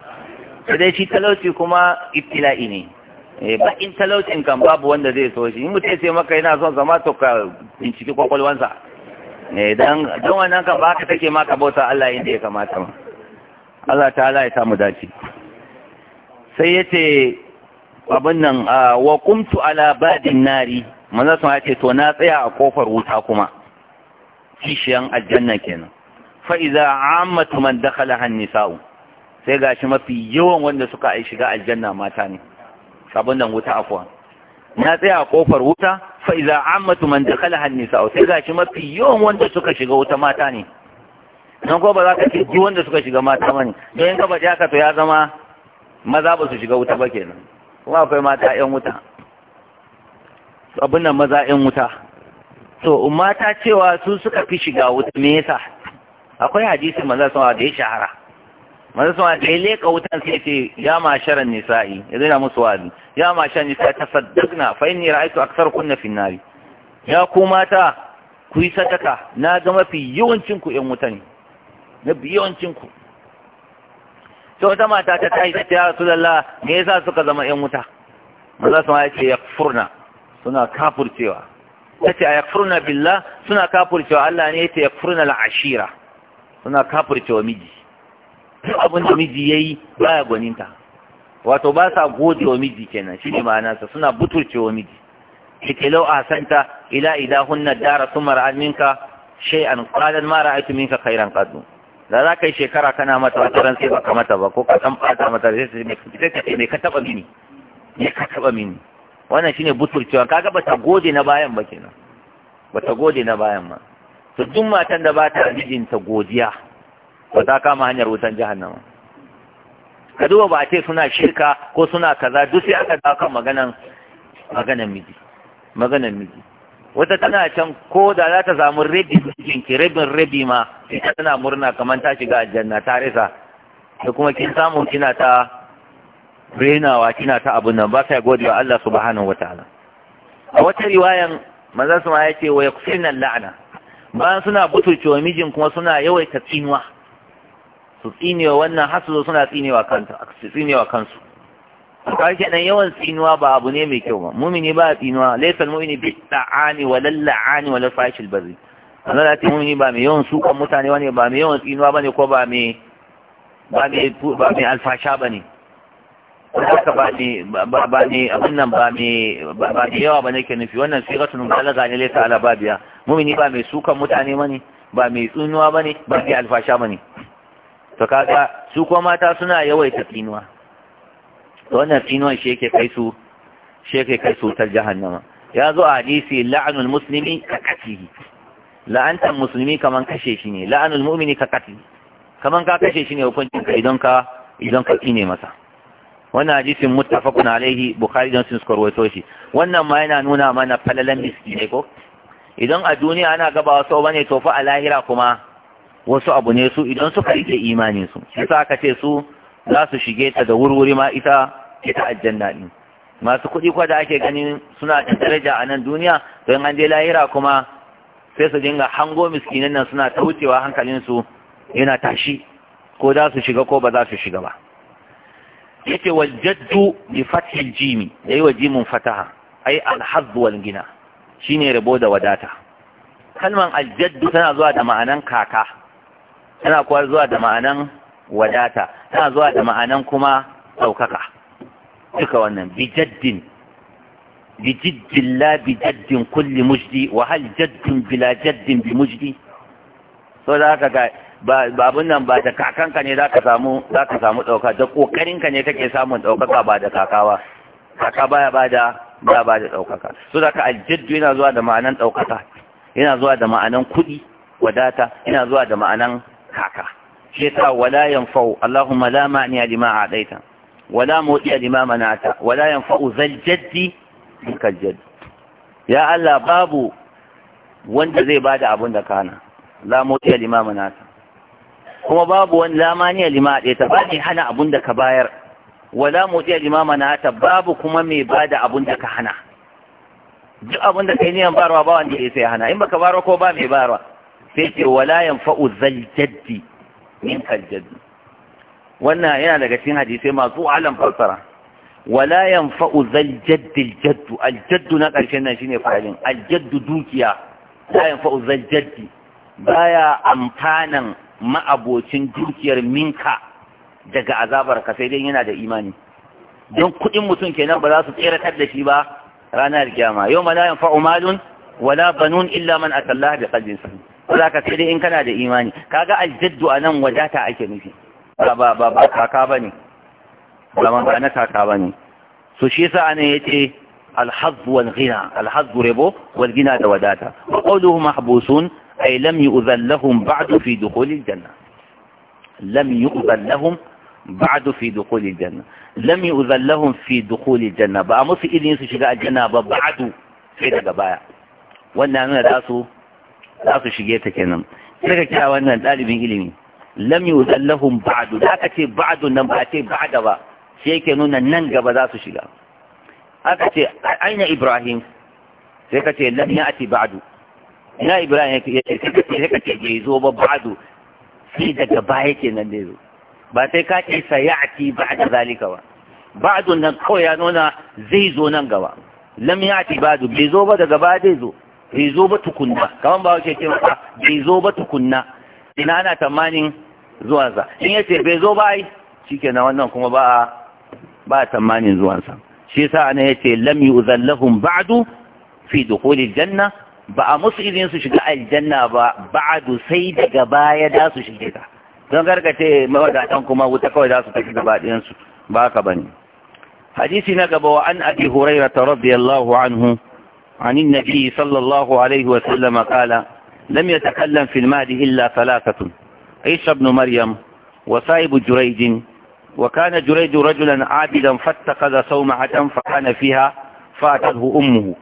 sai dai shi talauci kuma ibtila'i ne eh ba in talaucin kan babu wanda zai so shi in mutum sai maka yana son zama to ka binciki kwakwalwansa ne eh, dan dan wannan kan baka take ma ka bauta Allah inda ya kamata ma Allah ta'ala ya samu dace sai yace abin nan wa qumtu ala badin nari manzo sun yace to na tsaya a kofar wuta kuma kishiyan aljanna kenan fa iza ammatu man dakhalaha an nisa'u sai gashi mafi yawan wanda suka ai shiga aljanna mata ne Sabon nan wuta afwan na tsaya a kofar wuta fa iza ammatu man dakhalaha an-nisa sai gashi mafi yawan wanda suka shiga wuta mata ne nan ko ba za ka ji wanda suka shiga mata bane don in ka baje haka to ya zama maza ba su shiga wuta ba kenan kuma akwai mata 'yan wuta abin nan maza 'yan wuta to mata cewa su suka fi shiga wuta me yasa akwai hadisi manzo sallallahu alaihi wasallam da ya shahara manzo sama da leka wutan sai ce ya masharan nisa'i ya na musu wa'azi ya masharan nisa'i ta tasaddaqna fa inni ra'aytu aktharukunna fi an-nari ya ku mata ku yi sadaka na ga mafi yawancin ku ƴan wuta ne na yawancin ku to wata mata ta tashi ta ya rasulullah me yasa suka zama ƴan wuta manzo sama ya ce yakfurna suna kafurcewa tace ayakfurna billah suna kafurcewa Allah ne ya ce yakfurna al-ashira suna kafurcewa miji duk abin da miji ya yi baya gwaninta wato ba sa gode wa miji kenan shi ne ma'ana sa suna buturce wa miji ikilau a hasanta ila hunna dara sun alminka minka an qalan mara aiki minka khairan kadu. da za ka yi shekara kana mata wata ran sai baka mata ba ko ka san fata mata sai ka ce me ka taba mini me ka taba mini wannan shine buturcewa kaga bata gode na bayan ba kenan bata gode na bayan ma to duk matan da ba ta mijinta godiya ba ta kama hanyar wutan jahannama ka duba ba a ce suna shirka ko suna kaza duk sai aka dawo kan maganan maganan miji maganan miji wata tana can ko da za ta samu rabi ki rabin rabi ma ita tana murna kamar ta shiga aljanna ta risa da kuma kin samu kina ta renawa kina ta abun nan ba sai gode wa Allah subhanahu wataala a wata riwayan manzo sama ya ce wa yaksirna la'ana bayan suna butulcewa mijin kuma suna yawaita tsinuwa su tsinewa wannan har su zo suna tsinewa kanta tsinewa kansu ka ke nan yawan tsinuwa ba abu ne mai kyau ba mumini ba tsinuwa laysal mu'mini bi ta'ani wa lalla'ani wa lafashil bazi barri Allah ya ce mumini ba mai yawan sukan mutane wani ba mai yawan tsinuwa bane ko ba mai ba mai ba mai alfasha bane haka ba ne ba ne abin nan ba yawa ba ne yawa bane ke nufi wannan siratun balaga ne laysa ala babiya mumini ba mai sukan mutane bane ba mai tsinuwa bane ba mai alfasha bane to kaga su ko mata suna yawaita tsinuwa to wannan tsinuwan shi yake kai su shi yake kai su ta jahannama ya zo a hadisi la'anul muslimi ka katihi la'antan musulmi kaman kashe shi ne la'anul mu'mini ka katihi kaman ka kashe shi ne hukuncin ka idan ka idan ka tsine masa wannan hadisin muttafaqun alaihi bukhari don sun suka rawaito shi wannan ma yana nuna mana falalan miskinai ko idan a duniya ana gaba wasu bane to fa a lahira kuma wasu abu ne su idan suka rike imanin su shi sa aka ce su za su shige ta da wurwuri ma ita ita aljanna din masu kuɗi kwa da ake ganin suna da daraja a nan duniya don an je lahira kuma sai su dinga hango miskinan nan suna ta wucewa hankalin su yana tashi ko za su shiga ko ba za su shiga ba Yake wal bi fathil jimi yayi wa jimin fataha ai al wal gina shine rabo da wadata kalman aljaddu tana zuwa da ma'anan kaka tana kuwa zuwa da ma'anan wadata tana zuwa da ma'anan kuma ɗaukaka duka wannan bijaddin bijiddin la bijaddin kulli mujdi wa hal jaddin bila jaddin bi mujdi so da haka ga ba abun nan ba da kakanka ne zaka samu zaka samu ɗauka da kokarinka ne kake samun ɗaukaka ba da kakawa kaka baya ba da ba ba da ɗaukaka so da haka aljaddu yana zuwa da ma'anan ɗaukaka yana zuwa da ma'anan kuɗi wadata yana zuwa da ma'anan kaka shi yasa wala yanfa'u Allahumma la ma'niya lima a'taita wala mutiya lima manata wala yanfa'u zal jaddi kal jaddi ya Allah babu wanda zai bada abin da kana la mutiya lima manata kuma babu wani lamaniya lima a'taita ba ne hana abin da ka bayar wala mutiya lima manata babu kuma mai bada abin da ka hana duk abin da kai niyan barwa ba wanda ya sai hana in baka barwa ko ba mai barwa sai ce walayan yanfa'u jaddi min kal wannan yana daga cikin hadisai masu alam fassara Walayan yanfa'u zal jaddi aljaddu na ƙarshen nan shine fa'ilin al dukiya la yanfa'u jaddi baya amfanan ma'abocin dukiyar minka daga azabar ka sai dai yana da imani don kuɗin mutum kenan ba za su tseratar da shi ba ranar kiyama yau ma la malun wala banun illa man atallaha da qalbin za ka sai dai in kana da imani kaga aljaddu a nan wadata ake nufi ba ba ba kaka ba ne ba ba na kaka ba ne so shi yasa anan yace alhazz wal ghina alhazz rebo wal ghina da wadata wa qawluhu mahbusun ay lam yu'zal lahum ba'du fi dukhul janna. lam yu'zal lahum ba'du fi dukhul janna. lam yu'zal lahum fi dukhul janna. ba a musu ilin su shiga aljanna ba ba'du sai daga baya wannan nuna da su za su shige ta kenan sai ka kira wannan dalibin ilimi lam yuzallahum ba'du da aka ce ba'du nan ba ce ba'da ba sai yake nuna nan gaba za su shiga aka ce aina ibrahim sai ka ce lam ya'ti ba'du ina ibrahim yake sai ka ce bai zo ba ba'du sai daga baya kenan da zo ba sai ka ce sayati ba'da zalika ba ba'du nan kawai ya nuna zai zo nan gaba lam ya'ti ba'du bai zo ba daga baya zai zo bai zo ba tukunna kaman ba wace cewa bai zo ba tukunna ina ana tamanin zuwansa in yace bai zo ba ai shikenan wannan kuma ba ba tamanin zuwansa shi yasa ana yace lam yuzallahum ba'du fi dukhulil janna ba a musu izin su shiga aljanna ba ba'du sai daga baya da su shige ta don gargace mawadatan kuma wuta kawai za su tafi gaba ɗayan su ba ka hadisi na gaba wa an abi hurairah radiyallahu anhu عن النبي صلى الله عليه وسلم قال لم يتكلم في المال إلا ثلاثة عيسى بن مريم وصائب جريج وكان جريج رجلا عابدا فاتخذ صومعة فكان فيها فأتته أمه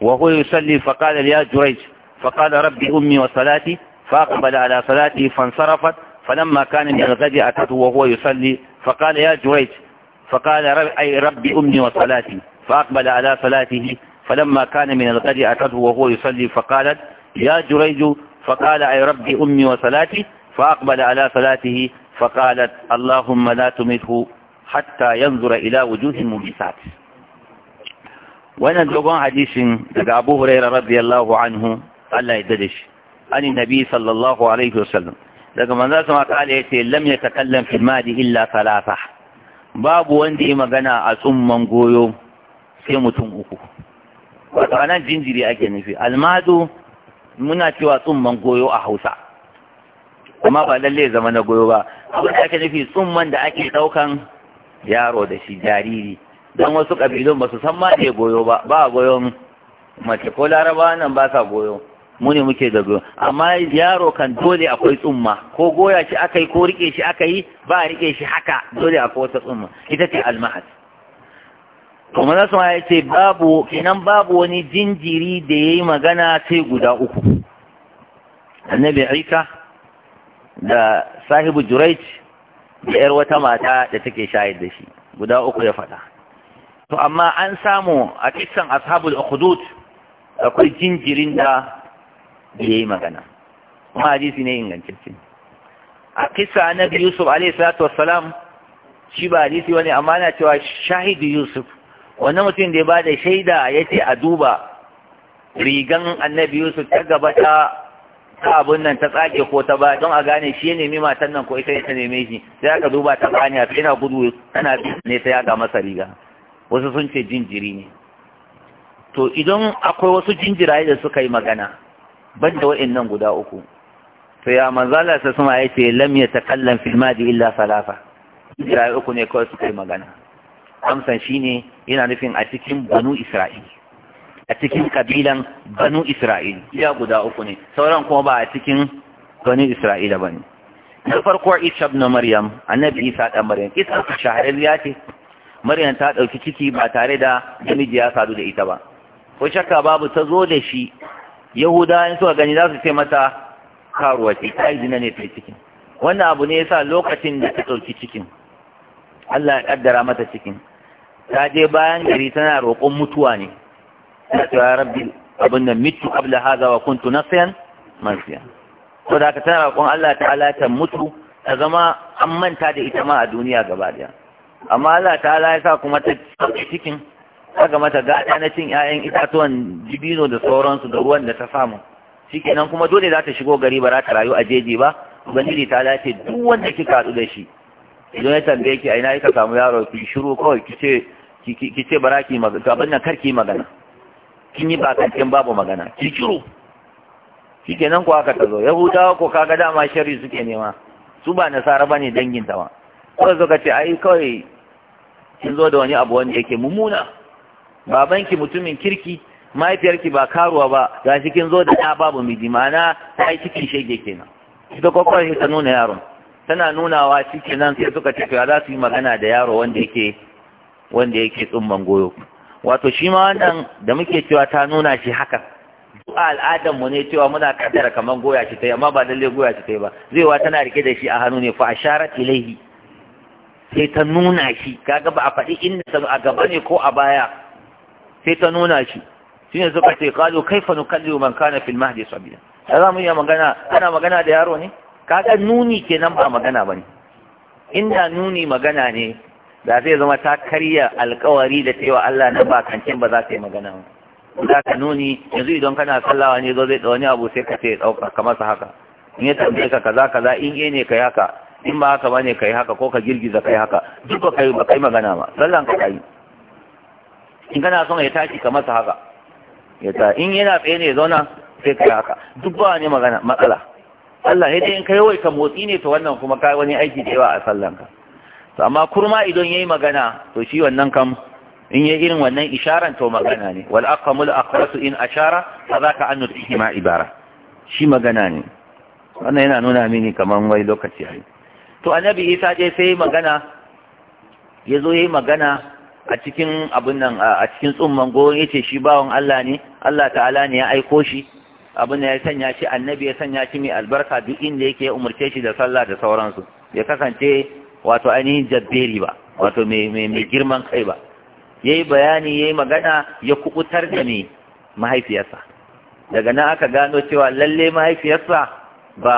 وهو يصلي فقال يا جريج فقال ربي أمي وصلاتي فأقبل على صلاته فانصرفت فلما كان من الغد أتته وهو يصلي فقال يا جريج فقال أي ربي أمي وصلاتي فأقبل على صلاته فلما كان من الغد أتته وهو يصلي فقالت يا جريج فقال أي ربي أمي وصلاتي فأقبل على صلاته فقالت اللهم لا تمته حتى ينظر إلى وجوه المميسات وانا دوغان حديث لقى أبو هريرة رضي الله عنه الله يددش عن النبي صلى الله عليه وسلم لقى من ذات ما قال لم يتكلم في المال إلا ثلاثة باب وندي مغنى أسمم قويو سيمتم أكو wato anan jinjiri ake nufi almadu muna cewa tsumman goyo a hausa amma ba lalle zama na goyo ba abin da ake nufi tsumman da ake ɗaukan yaro da shi jariri don wasu ƙabilun ba su san ma ne goyo ba ba goyon mace ko laraba nan ba sa goyo mu ne muke da goyo amma yaro kan dole akwai tsumma ko goya shi aka yi ko rike shi aka yi ba rike shi haka dole akwai wata tsumma ita ce almahad kuma na sama ya ce babu inan babu wani jinjiri da ya yi magana sai guda uku annabi isa da sahibu juraic da yar wata mata da take shayar da shi guda uku ya faɗa to amma an samu a kisan ashabul ukhudud akwai jinjirin da ya yi magana kuma hadisi ne ingantacce a kisa annabi yusuf alaihi salatu wassalam shi ba hadisi wani amana cewa shahidu yusuf wannan mutum da ya bada shaida ya ce a duba rigan annabi yusuf ta gaba ta abun nan ta tsage ko ta ba don a gane shi ya nemi matan nan ko ita ta neme shi sai aka duba ta tsani a yana gudu tana ne ta yaga masa riga wasu sun ce jinjiri ne to idan akwai wasu jinjiraye da suka yi magana ban da wa'annan guda uku to ya manzala ta suma ya ce lam ya fil madi illa salafa jinjiraye uku ne kawai suka yi magana amsan ne yana nufin a cikin banu isra'il a cikin kabilan banu isra'il ya guda uku ne sauran kuma ba a cikin banu isra'ila bane na farko isa na maryam annabi isa dan maryam isa shahararriya ce maryam ta ɗauki ciki ba tare da namiji ya sadu da ita ba ko shakka babu ta zo da shi yahudawa suka gani za su ce mata karuwa ce ta yi zina ne ta cikin wannan abu ne ya sa lokacin da ta ɗauki cikin Allah ya kaddara mata cikin ta je bayan gari tana roƙon mutuwa ne ta ce ya rabbi abin da mitu abla haza wa kuntu nasiyan mansiya to da ka tana roƙon Allah ta'ala ta mutu ta zama an manta da ita ma a duniya gaba daya amma Allah ta'ala ya sa kuma ta cikin kaga mata gada na cin 'ya'yan itatuwan dibino da sauransu da ruwan da ta samu shikenan kuma dole za ta shigo gari ba za ta rayu a jeji ba ubangiji ta lace duk wanda kika haɗu da shi idan ya tambaye ki a ina kika samu yaro ki shiru kawai ki ce bara ki magana to abin nan karki magana kin yi bakantin babu magana ki shiru shikenan ko aka tazo yahudawa ko kaga dama shari suke nema su ba nasara bane dangin ta ma zo ka ce ai kawai kin zo da wani abu wanda yake mummuna babanki mutumin kirki mahaifiyarki ba karuwa ba ga shi kin zo da ta babu miji ma'ana ta yi cikin shege kenan ita kwakwar ta nuna yaron tana nunawa shi nan sai suka ce ya za su yi magana da yaro wanda yake wanda yake tsumman goyo wato shi ma wannan da muke cewa ta nuna shi haka du'a al'adar mu ne cewa muna kaddara kaman goya shi tai amma ba lalle goya shi tai ba zaiwa tana rike da shi a hannu ne fa asharat ilaihi sai ta nuna shi kaga ba a faɗi inda a gaba ne ko a baya sai ta nuna shi shine suka ce qalu kaifa nukallimu man kana fil mahdi sabila za mu iya magana Kana magana da yaro ne kaga nuni kenan ba magana bane inda nuni magana ne da zai zama ta karya alkawari da cewa Allah na ba kancin ba za ta yi magana ba za ka nuni yanzu idan kana sallawa ne zo zai da wani abu sai ka ce dauka kamar sa haka in ya tambaye ka kaza kaza in eh ne kai haka in ba haka bane kai haka ko ka girgiza kai haka duk ba kai ba kai magana ba sallan ka kai in kana son ya tashi kamar sa haka ya ta in yana tsaye ne zauna sai kai haka duk ba ne magana matsala Allah ya dai in ka motsi ne to wannan kuma ka wani aiki da yawa a sallanka to amma kurma idan yayi magana to shi wannan kam in yayi irin wannan isharan to magana ne wal aqamul aqrasu in ashara fadaka annu ma ibara shi magana ne wannan yana nuna mini kaman wai lokaci to annabi Isa dai sai magana yazo yayi magana a cikin abin nan a cikin tsumman goyon yace shi bawon Allah ne Allah ta'ala ne ya aiko shi abin da ya sanya shi annabi ya sanya shi mai albarka duk inda yake ya umarce shi da sallah da sauransu ya kasance wato ainihin jabberi ba wato mai girman kai ba ya yi bayani ya yi magana ya kubutar da mai mahaifiyarsa daga nan aka gano cewa lalle mahaifiyarsa ba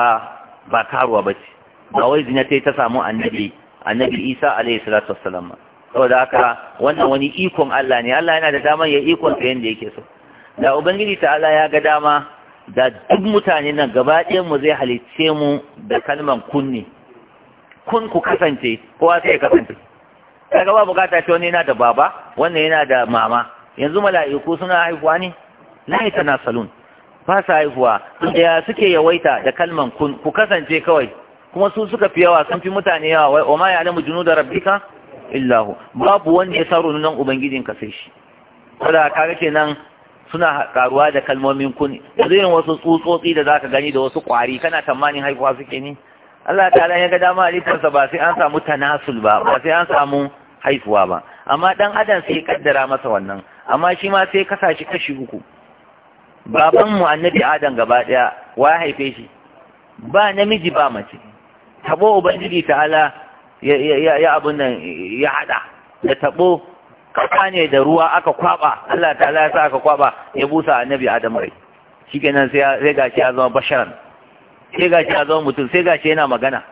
ba karuwa ba ce ba wai zina ta yi ta samu annabi annabi isa alaihi salatu Sau saboda haka wannan wani ikon Allah ne Allah yana da damar ya ikon sa yanda yake so da ubangiji ta Allah ya ga dama da duk mutane nan gaba mu zai halicce mu da kalman kunni kun ku kasance kowa sai ya kasance kaga ba bukata ce wani yana da baba wannan yana da mama yanzu mala'iku suna haihuwa ne la yatanasalun ba sa haihuwa da suke yawaita da kalman kun ku kasance kawai kuma su suka fi yawa sun fi mutane yawa Wai wa ma da junuda rabbika illahu babu wanda ya san ubangijin ubangijinka sai shi saboda kaga kenan suna karuwa da kalmomin kuni yanzu irin wasu tsutsotsi da zaka gani da wasu kwari kana tamanin haihuwa suke ni? Allah ta'ala ya ga dama halittarsa ba sai an samu tanasul ba ba sai an samu haihuwa ba amma dan adam sai kaddara masa wannan amma shi ma sai kasa shi kashi uku baban mu annabi adam gaba daya wa haife shi ba namiji ba mace tabo ubangiji ta'ala ya ya ya ya hada da tabo kasa ne da ruwa aka kwaba Allah Ta ya sa aka kwaba ya busa annabi Adam rai shikenan sai sai gashi ya zama basharan sai gashi ya zama mutum sai gashi yana magana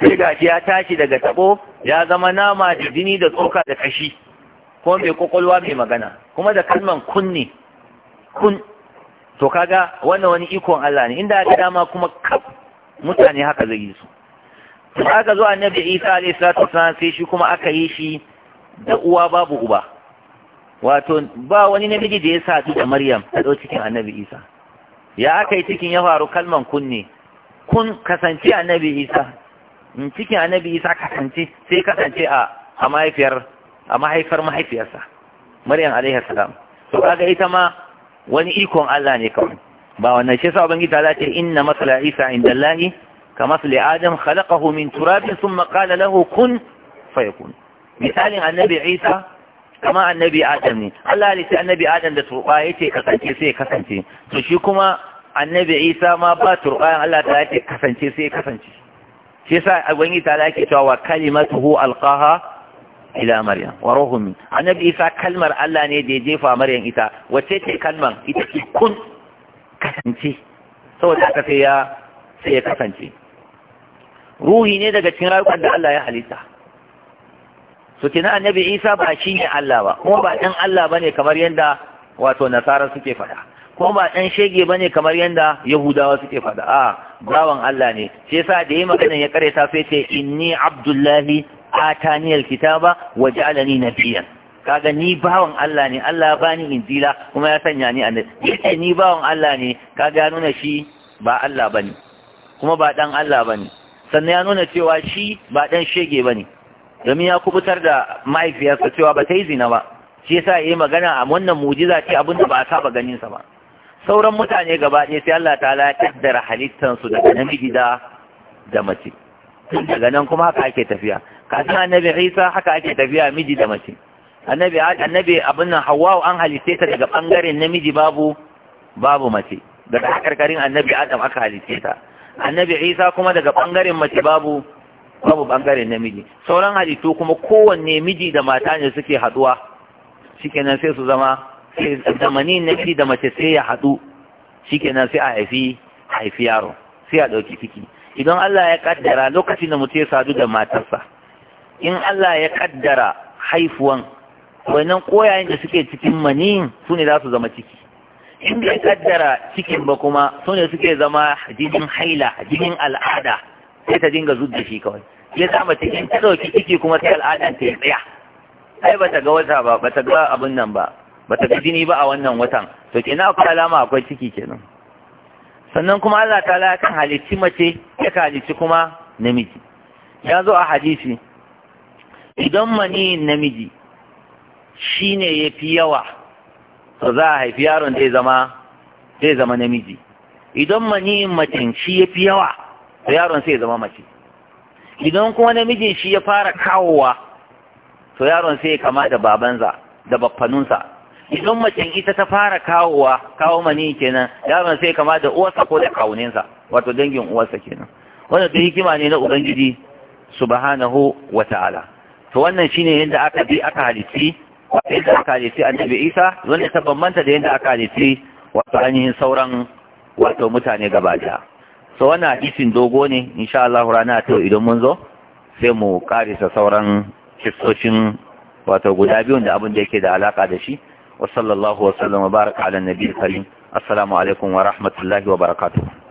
sai gashi ya tashi daga tabo ya zama nama da jini da tsoka da kashi kuma mai kokolwa mai magana kuma da kalman kunni kun to kaga wannan wani ikon Allah ne inda aka dama kuma kaf mutane haka zai yi su aka zo annabi Isa alaihi salatu wasallam sai shi kuma aka yi shi da uwa babu uba wato ba wani namiji da ya sadu da maryam ta ɗau cikin annabi isa ya aka yi cikin ya faru kalman kunne kun kasance annabi isa in cikin annabi isa kasance sai kasance a mahaifiyar a mahaifar mahaifiyarsa maryam alaihi salam to kaga ita ma wani ikon Allah ne kawai ba wannan shi yasa ubangiji ta ce inna masala isa inda Allahi ka masali adam khalaqahu min turabin sun maƙala lahu kun fayakun misalin annabi isa kama annabi adam ne Allah ya ce annabi adam da turba yace kasance sai kasance to shi kuma annabi isa ma ba turba Allah ta yace kasance sai kasance shi yasa abangi ta yake cewa wa kalimatuhu alqaha ila maryam wa ruhum annabi isa kalmar Allah ne da ya jefa maryam ita wace ce kalmar ita ce kun kasance saboda haka sai ya sai ya kasance ruhi ne daga cikin rayuwar da Allah ya halitta to kenan annabi Isa ba shi ne Allah ba kuma ba dan Allah bane kamar yadda wato nasara suke faɗa kuma ba ɗan shege ba ne kamar yadda yahudawa suke faɗa a bawan Allah ne shi yasa da yi maganin ya karanta sai ce inni abdullahi atani alkitaba wa ja'alani nabiyyan kaga ni bawan Allah ne Allah ya bani injila kuma ya sanya ni annabi yace ni bawan Allah ne kaga ya nuna shi ba Allah bane kuma ba dan Allah bane sannan ya nuna cewa shi ba ɗan shege bane domin ya kubutar da mahaifiyarsa cewa ba ta yi zina ba shi yasa yayi magana a wannan mujiza ce abin da ba a saba ganin sa ba sauran mutane gaba ɗaya sai Allah ta'ala ya kaddara halittan su daga namiji da da mace daga nan kuma haka ake tafiya kafin annabi Isa haka ake tafiya miji da mace annabi annabi abin nan Hawwa an halitta ta daga bangaren namiji babu babu mace daga karkarin annabi Adam aka halitta ta annabi Isa kuma daga bangaren mace babu babu bangaren namiji sauran halittu kuma kowanne miji da mata ne suke haduwa shikenan sai su zama na ki da mace sai ya hadu shikenan sai a haifi haifi yaro sai a dauki ciki idan Allah ya kaddara lokacin da mutum ya sadu da matarsa in Allah ya kaddara haifuwan wannan koyayen da suke cikin manin su ne za su zama ciki in bai kaddara cikin ba kuma su ne suke zama jinin haila jinin al'ada sai ta dinga zub shi kawai ya sa mace in ta dauki ciki kuma sai al'adan ta ya tsaya ai bata ga wata ba bata ga abin nan ba bata ga jini ba a wannan watan to kenan akwai alama akwai ciki kenan sannan kuma Allah ta la kan halicci mace ya kan halicci kuma namiji ya zo a hadisi idan mani namiji shine ya fi yawa to za a haifi yaron zai zama zai zama namiji idan mani mace shi ya fi yawa to yaron sai ya zama mace idan kuma namijin shi ya fara kawowa to yaron sai ya kama da babansa da baffanunsa idan macen ita ta fara kawowa kawo mani kenan yaron sai ya kama da uwarsa ko da kawuninsa wato dangin uwarsa kenan wannan ta hikima ne na ubangiji subhanahu wata'ala to wannan shine yadda aka bi aka halitti yadda aka halitti annabi isa wanda ta bambanta da yadda aka halitti wato ainihin sauran wato mutane gaba daya so wannan hadisin dogo ne insha Allah rana ta idan mun zo sai mu karisa sauran kissocin wato guda biyun da abin da yake da alaka da shi wa sallallahu wa sallam wa baraka ala nabiyil karim assalamu alaikum wa rahmatullahi wa barakatuh